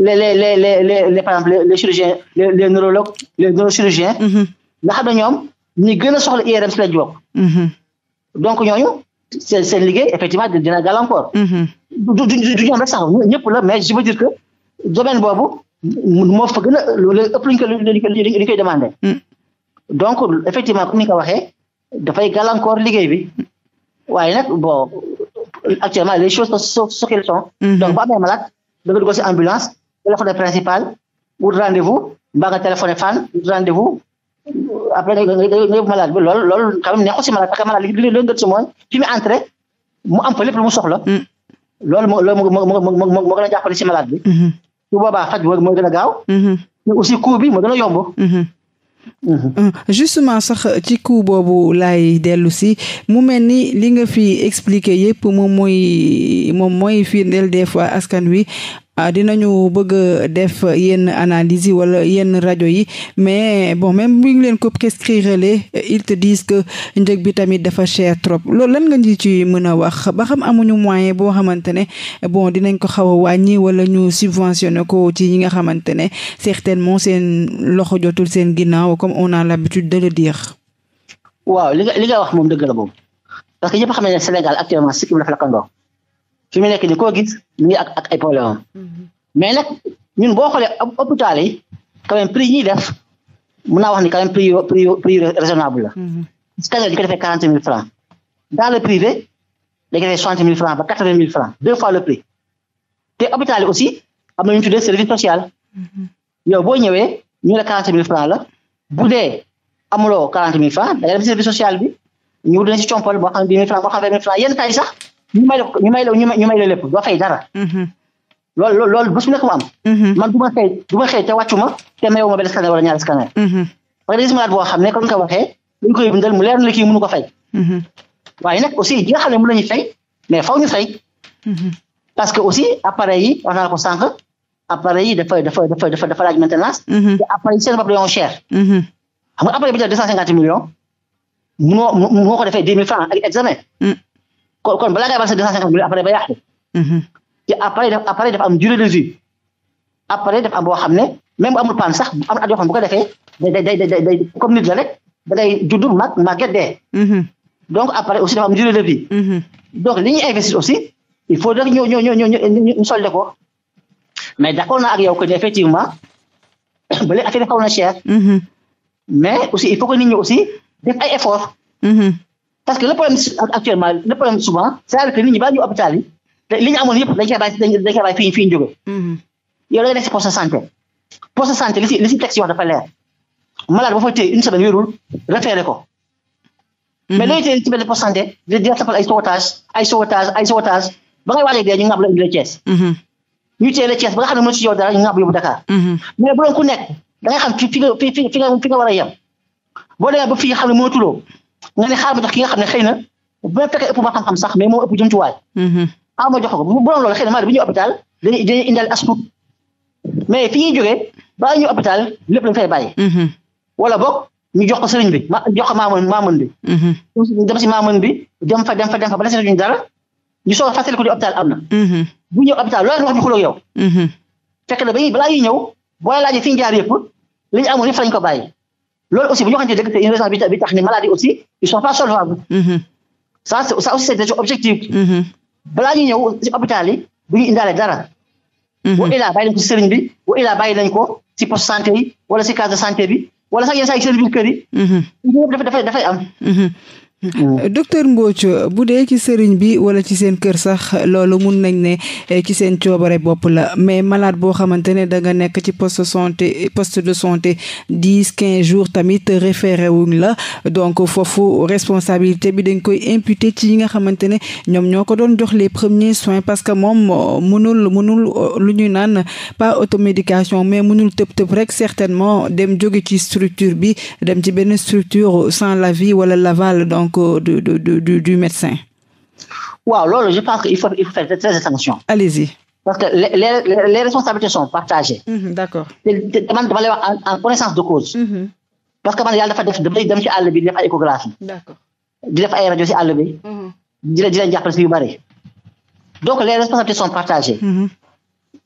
les les les les les par exemple les chirurgiens les les neurologues les neurochirurgiens. Mhm. nga xam ne ñoom ñi gën a soxla IRM si la ñu bokk. Mhm. donc ñooñu. seen liggéey effectivement dina gàllankoor. du ñoom rek ñëpp la mais je veux dire que domaine boobu moo gën a lu ëpp lu ñu koy donc effectivement comme ni ko waxee dafay gàllankoor liggéey bi waaye nag bon actuellement les choses so ce qu'elles sont mhm. donc bu amee malade da nga dugg si ambulance téléphone principal wut rendez-vous mbaa nga téléphoné fan wut rendez après nga yóbbu si malade parce que malade li loolu gën si mooy fi mu a jàppale si malade bi mhm. su boobaa faj mhm. moo gën a gaaw mais aussi coût mo moo a yomb
Euh, justement sax ci ku boobu laay dellusi mu mel ni li nga fi expliqué yëpp moom mooy moom mooy firndeel des fois askan wi Ah, dina ñu bëgg def yenn analyse yi wala yenn rajo yi mais bon même bu ñu leen ko prescrire ils te disent njëg bi tamit dafa cher trop lool lan nga ñu ci mën a wax ba xam amuñu moyen boo xamante ne bon dinañ ko xaw a wàññi wala ñu subventionné ko ci ñi nga xamante ne certainement seen loxo jotul seen ginnaaw comme on a l'habitude de le dire.
waaw li nga li nga wax moom dëgg la moom parce que ñëpp xam ne Sénégal actuellement sikkim dafa la kandoor fi mu nekk ni koo gis mu ngi ak ak ay problème am mm-hmm. mais nag ñun boo xoolee hôpital yi quand même prix yi ñuy def mun naa wax ni quand même prix prix prix raisonnable la a mm-hmm. di ko defee quarante mille francs dans le privé dañ ko defee soixante mille francs ba quatre vingt mille francs deux te hôpital aussi am na ñu tuddee service social mm-hmm. yow boo ñëwee ñu la quarante mille francs la bu amuloo quarante mille francs da def service social bi ñu dina ci compal boo xam ne mille francs yenn cas sax ñu may la lépp doo fay dara. Mm-hmm. loolu loolu bés bu nekk mu mm-hmm. man du ma xëy du ma xëy te wàccu ma te mayoo ma benn scanner wala ñaari scanner. parce que gis nga boo xam ne comme ko waxee dañ koy bindal mu leer na kii mënu ko fay. Mm-hmm. waaye nag aussi ñi nga xam ne mën nañu fay mais faw ñu fay. parce que aussi appareil yi wax naa ko sànq appareil yi dafa dafa dafa dafa dafa laaj seen bopp dañoo cher. xam nga appareil bi ñu deux cent cinquante millions mënoo mënoo ko defee dix mille francs ak examen. Mm. kon kon balaa ngay versé deux cent cinquante millions appareil ba yàqu. te appareil daf am durée de vie appareil dafa am boo xam ne même bu amul panne sax am at defee day day day day comme nit la rek da ngay judd mag màgget dee. donc appareil aussi dafa am durée de vie. donc li ñuy investir aussi il faut rek ñoo ñoo ñoo ñoo ñu solde ko mais d'accord naa ak yow que effectivement ba léegi affaire xaw na cher. mais il faut que nit ñi aussi def ay effort. Mhm. parce que le problème actuellement le souvent c'est-à-dire que nit ñi bala ñu hôpital yi li ñu fi fi jóge mm-hmm. yow da ngay nekk si poste de santé poste santé li si li si dafa leer malade boo fa téye une semaine wérul référé ko mm-hmm. looy téye ci benn santé ba ngay waajee dee ñu ngàbb la indi la Thiès mm-hmm. ñu téye la Thiès ba nga xam ne mën si yow dara ñu ngàbb yóbbu Dakar mais bu ku nekk da xam fi fi fi fi fi nga fi nga a yem boo demee ba fii xam ne mënatuloo nga ne xaar ma jox ki nga xam ne xëy na bu ma fekkee ëpp ma xam-xam sax mais moo ëpp jumtuwaay. Mhm. xaar ma jox ko bu doon loolu xëy na maanaam bi ñu ba ñu hôpital lépp lañ fay bàyyi. Mhm. wala boog ñu jox ko sëriñ bi ma jox ko maamoon maamoon bi. Mhm. dem si maamoon bi dem fa dem fa dem fa ba desee ñu dara ñu soog a fàttali ko di hôpital am na. balaa ñuy ñëw fi ñu yëpp li ñu amoon yëpp ko bàyyi. loolu aussi bu ñu waxante dëgg c'est une raison bi tax ne maladie aussi ils sont pas solvables ça aussi c'est des objectifs balaa ñu ñëw ci hôpital bu ñu indaale dara wa illaa bàyyi nañ ko ci sëriñ bi wa illaa bàyyi nañ ko ci poste santé yi wala si case de santé bi wala sax yenn saa yi ci seen biir kër yi dafay mm-hmm. dafay am
mm-hmm. Euh, docteur Mbodj bu dee ci sëriñ bi wala ci seen kër sax loolu mun nañ ne eh, ci seen coobare bopp la mais malaat boo xamante ne da nga nekk ci poste santé poste de santé dix quinze jours tamit référé la donc foofu responsabilité bi dañ koy imputer ci yi nga xamante ne ñoom ñoo ko doon jox les premiers soins parce que moom euh, mënul mënul euh, lu ñuy naan pas automédication mais mënul tëb tëb rek certainement dem jóge ci structure bi dem ci benn structure sans l'avis wala l'aval donc go du du du du médecin.
waaw loolu je pense que il faut il faut faire très attention. allez-y. parce que les les, les responsabilités sont partagées. Mm-hmm, d'accord te man en connaissance de cause. Mm-hmm. parce que man yàlla dafa def damay dem ci àll bi def ay échographie. d'accord di def ay rajo ci àll bi. Mm-hmm. di leen di leen bari. donc les responsabilités sont partagées.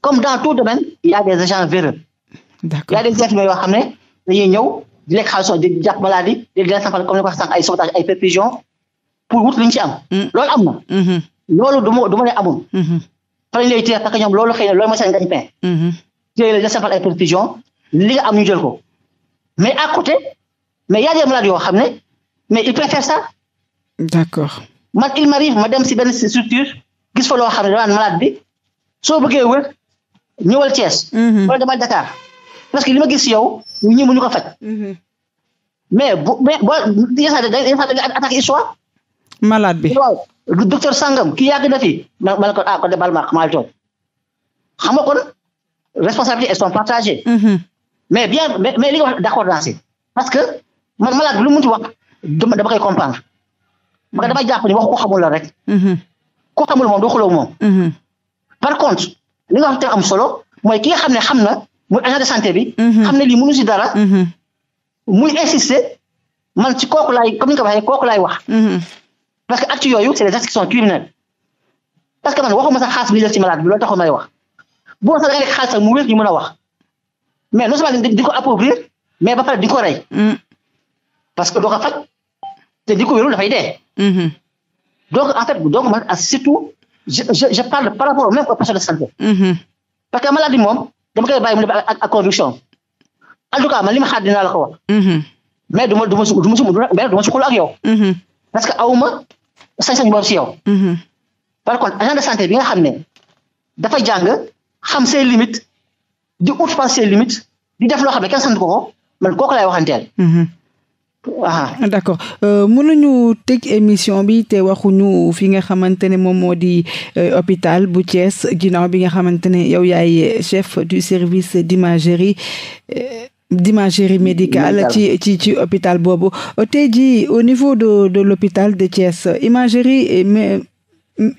comme dans tout domaine il a des agents véreux. d'accord a des infirmiers yoo xam ne dañuy ñëw. di lekk xaalisson di jàpp maladie di leen safal comme ni ko sànq ay sauvetage ay perfusion pour wut li ñu ci am. Mm. loolu am na. Mm-hmm. loolu du ma du ma ne mm-hmm. lay téye parce ñoom loolu xëy na loolu mooy seen gagne-pain. Mm-hmm. téye la di safal ay perfusion li am ñu jël mais à côté mais y a yoo xam ne mais il préfère ça.
d'accord
man il m'arrive ma dem si benn structure gis fa loo xam ne dama malade bi soo bëggee wër ñëwal Thiès. wala demal Dakar. parce que li ma gis yow ñi ko faj. Mhm. mais bu mais boo yenn saa histoire. malade bi waaw docteur Sangam ki yàgg na fi ma ma ne ko ah kon de bal responsabilités sont partagées. Mhm. mais bien mais mais li nga wax parce que ma malade lu mu munti wax dama koy comprendre. parce que dama jàpp ni wax ko xamul rek. Mhm. ko xamul moom doo xuloo moom. par contre li nga wax te am solo mooy ki xam ne xam na. muy agent de santé bi. Mhm. xam ne lii mënu si dara. Mhm. muy insister man ci kooku laay comme ni nga waxee kooku laay wax. Mhm. parce que actes yooyu c' est des actes qui sont criminels parce que man waxuma sax xaalis bi def ci malade bi loolu taxul wax boo sax da nekk xaalis sax mu wér ñu mën a wax mais non seulement di ko appauvrir mais ba pare di ko rey. parce que doo ko faj te di ko wérul dafay de donc en fait donc man surtout je je parle par rapport même aux personnes de santé. parce que dama koy bàyyi mu def ak ak conviction en tout cas ma li ma xaar dinaa la ko mm-hmm. mais du ma du ma mais du ma sukkul ak mm-hmm. parce que aw ma sañ-sañ boobu si yow. Mm-hmm. par contre agent de santé bi nga xam ne dafa jàng xam ses limites di outrepasse ses limites di def loo xam ne kenn sant ko ko man kooku laay waxanteel.
waaw ah, d'accord euh, mënuñu tëj émission bi te waxuñu fi nga xamante ne moom moo di euh, hôpital bu Thiès ginnaaw bi nga xamante ne yow yaay chef du service d'imagerie euh, d'imagerie médical ci ci ci hôpital boobu tey jii au niveau de de l'hôpital de Thiès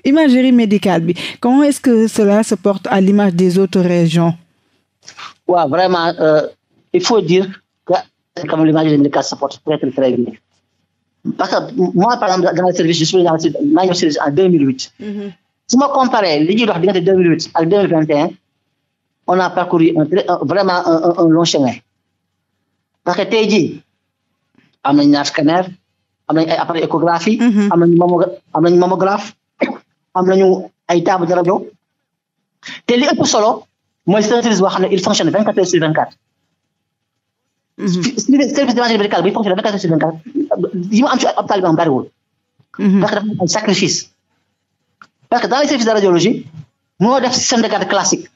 imagerie médical bi comment est-ce que cela se porte à l'image des autres régions
waaw vraiment euh, il faut dire c'est quand même l'image de l'Unicasse, ça porte très, très, très bien. Parce que moi, par exemple, dans le service, je suis dans le service en 2008. Mm -hmm. Si je comparais les gens de 2008 à 2021, on a parcouru un, vraiment un, un, un, long chemin. Parce que tu dit, on a un scanner, on a un appareil échographie, mhm. on a un mammographe, on a un table de radio. Tu es solo, moi, c'est un service qui fonctionne 24 heures sur 24. service d'évangile médical bi fonctionné vingt-quatre heures sur vingt-quatre yi mu am ci ab taalibe bariwul parce que dafa am sacrifice parce que dans les services de radiologie moo def système de garde classique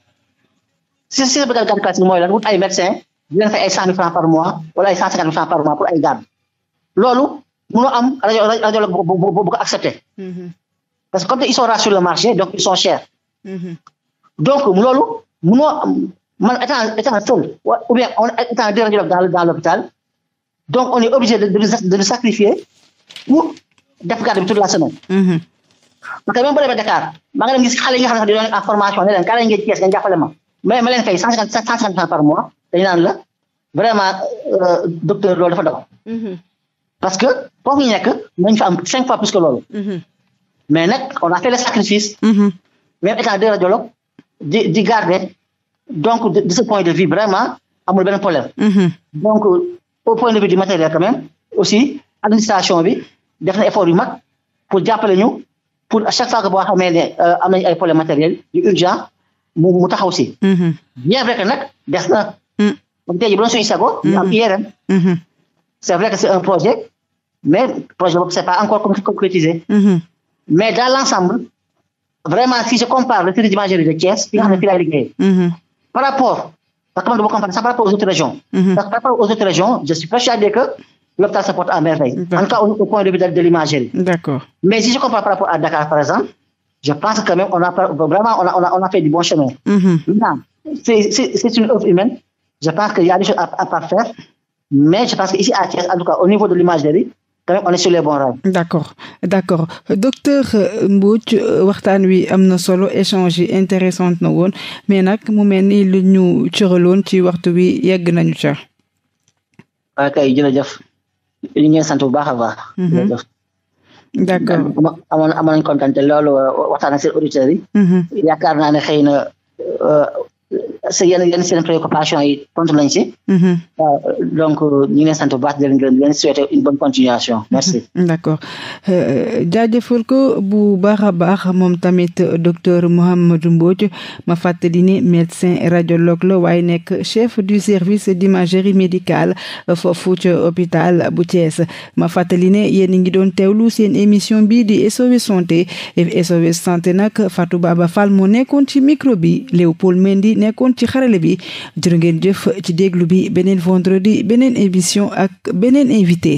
système de garde classique mooy lan wut ay médecin di leen ay cent mille francs par mois wala ay cent cinquante mille francs par mois pour ay garde loolu mënoo am radiologue bu ko accepté parce que comme ils sont rares le marché donc ils sont chers donc loolu man étant étant seul ou bien on étant dérangé dans l'hôpital donc on est de de nous, de nous sacrifier pour def garde bi toute la semaine. Mm-hmm. parce que même boo demee Dakar maa ngi leen nga xam ne formation ne leen kaa leen ngeen Cees ngeen jàppale ma mais ma leen fay cent cinquante par mois dañu naan la vraiment euh, docteur loolu dafa doon. Mm-hmm. parce que foofu ñu nekk nañu fa cinq fois plus que loolu. Mm-hmm. mais nag on a sacrifice. même étant deux radiologues di di donc de, de ce point de vue vraiment amul benn problème. Mhm. donc au point de vue du matériel quand même aussi administration bi def na effort yu mag pour jàppale ñu pour a chaque fois que boo xamee ne euh, am nañu ay problème matériel yu urgent mu mu taxaw si. Mhm. bien vrai que nag des na. comme tey jii bu doon suñu am mhm. IRM. c' vrai que c' est projet mais projet boobu c' pas encore concrétisé. mais dans ensemble vraiment si je compare le service d'imagerie de Thiès fi nga xam par rapport par rapport aux autres régions. Mm-hmm. par rapport aux autres régions je suis persuadé que l'hôpital se porte à merveille. en tout cas au, point de l'imagerie. d'accord mais si je compare par rapport à Dakar par exemple je pense que même on a vraiment on a a, fait du bon chemin. Mm-hmm. c'est une œuvre humaine je pense qu'il y a des choses à, parfaire mais je pense que ici en tout cas au niveau de l'imagerie quand même on est sur les bons rails. d'accord d'accord docteur
euh, Mbodj euh, waxtaan wi am na solo échange yi intéressant na woon mais nag mu mel ni lu ñu cëraloon ci waxtu wi yegg nañu ca.
waaw ah, kay jërëjëf ñu ngi sant bu baax a baax. Mhm. jërëjëf. d'accord amoon amoon nañu kontaan loolu waxtaan ak seen auditeurs yi. Mhm. yaakaar naa ne xëy na euh, sa yenn yenn seen yi tontu lañ mm-hmm. ah, donc ñu ngi leen bu baax di leen gërëm di leen souhaiter une bonne continuation
merci. Mm-hmm. d' accord euh, jaajëfal bu baax a baax moom tamit docteur Mouhamadou Mbodj ma fàttali ni médecin radiologue la waaye nekk chef du service d'imagerie foofu ci hôpital bu Thiès ma fàttali ne yéen a ngi doon teewlu seen émission bi di SOS santé SOS santé nag Fatou Baba Fall moo ci micro bi Léopold yi nekkoon ci xarale bi jërë ngeen jëf ci déglu bi beneen vendredi beneen émission ak beneen invité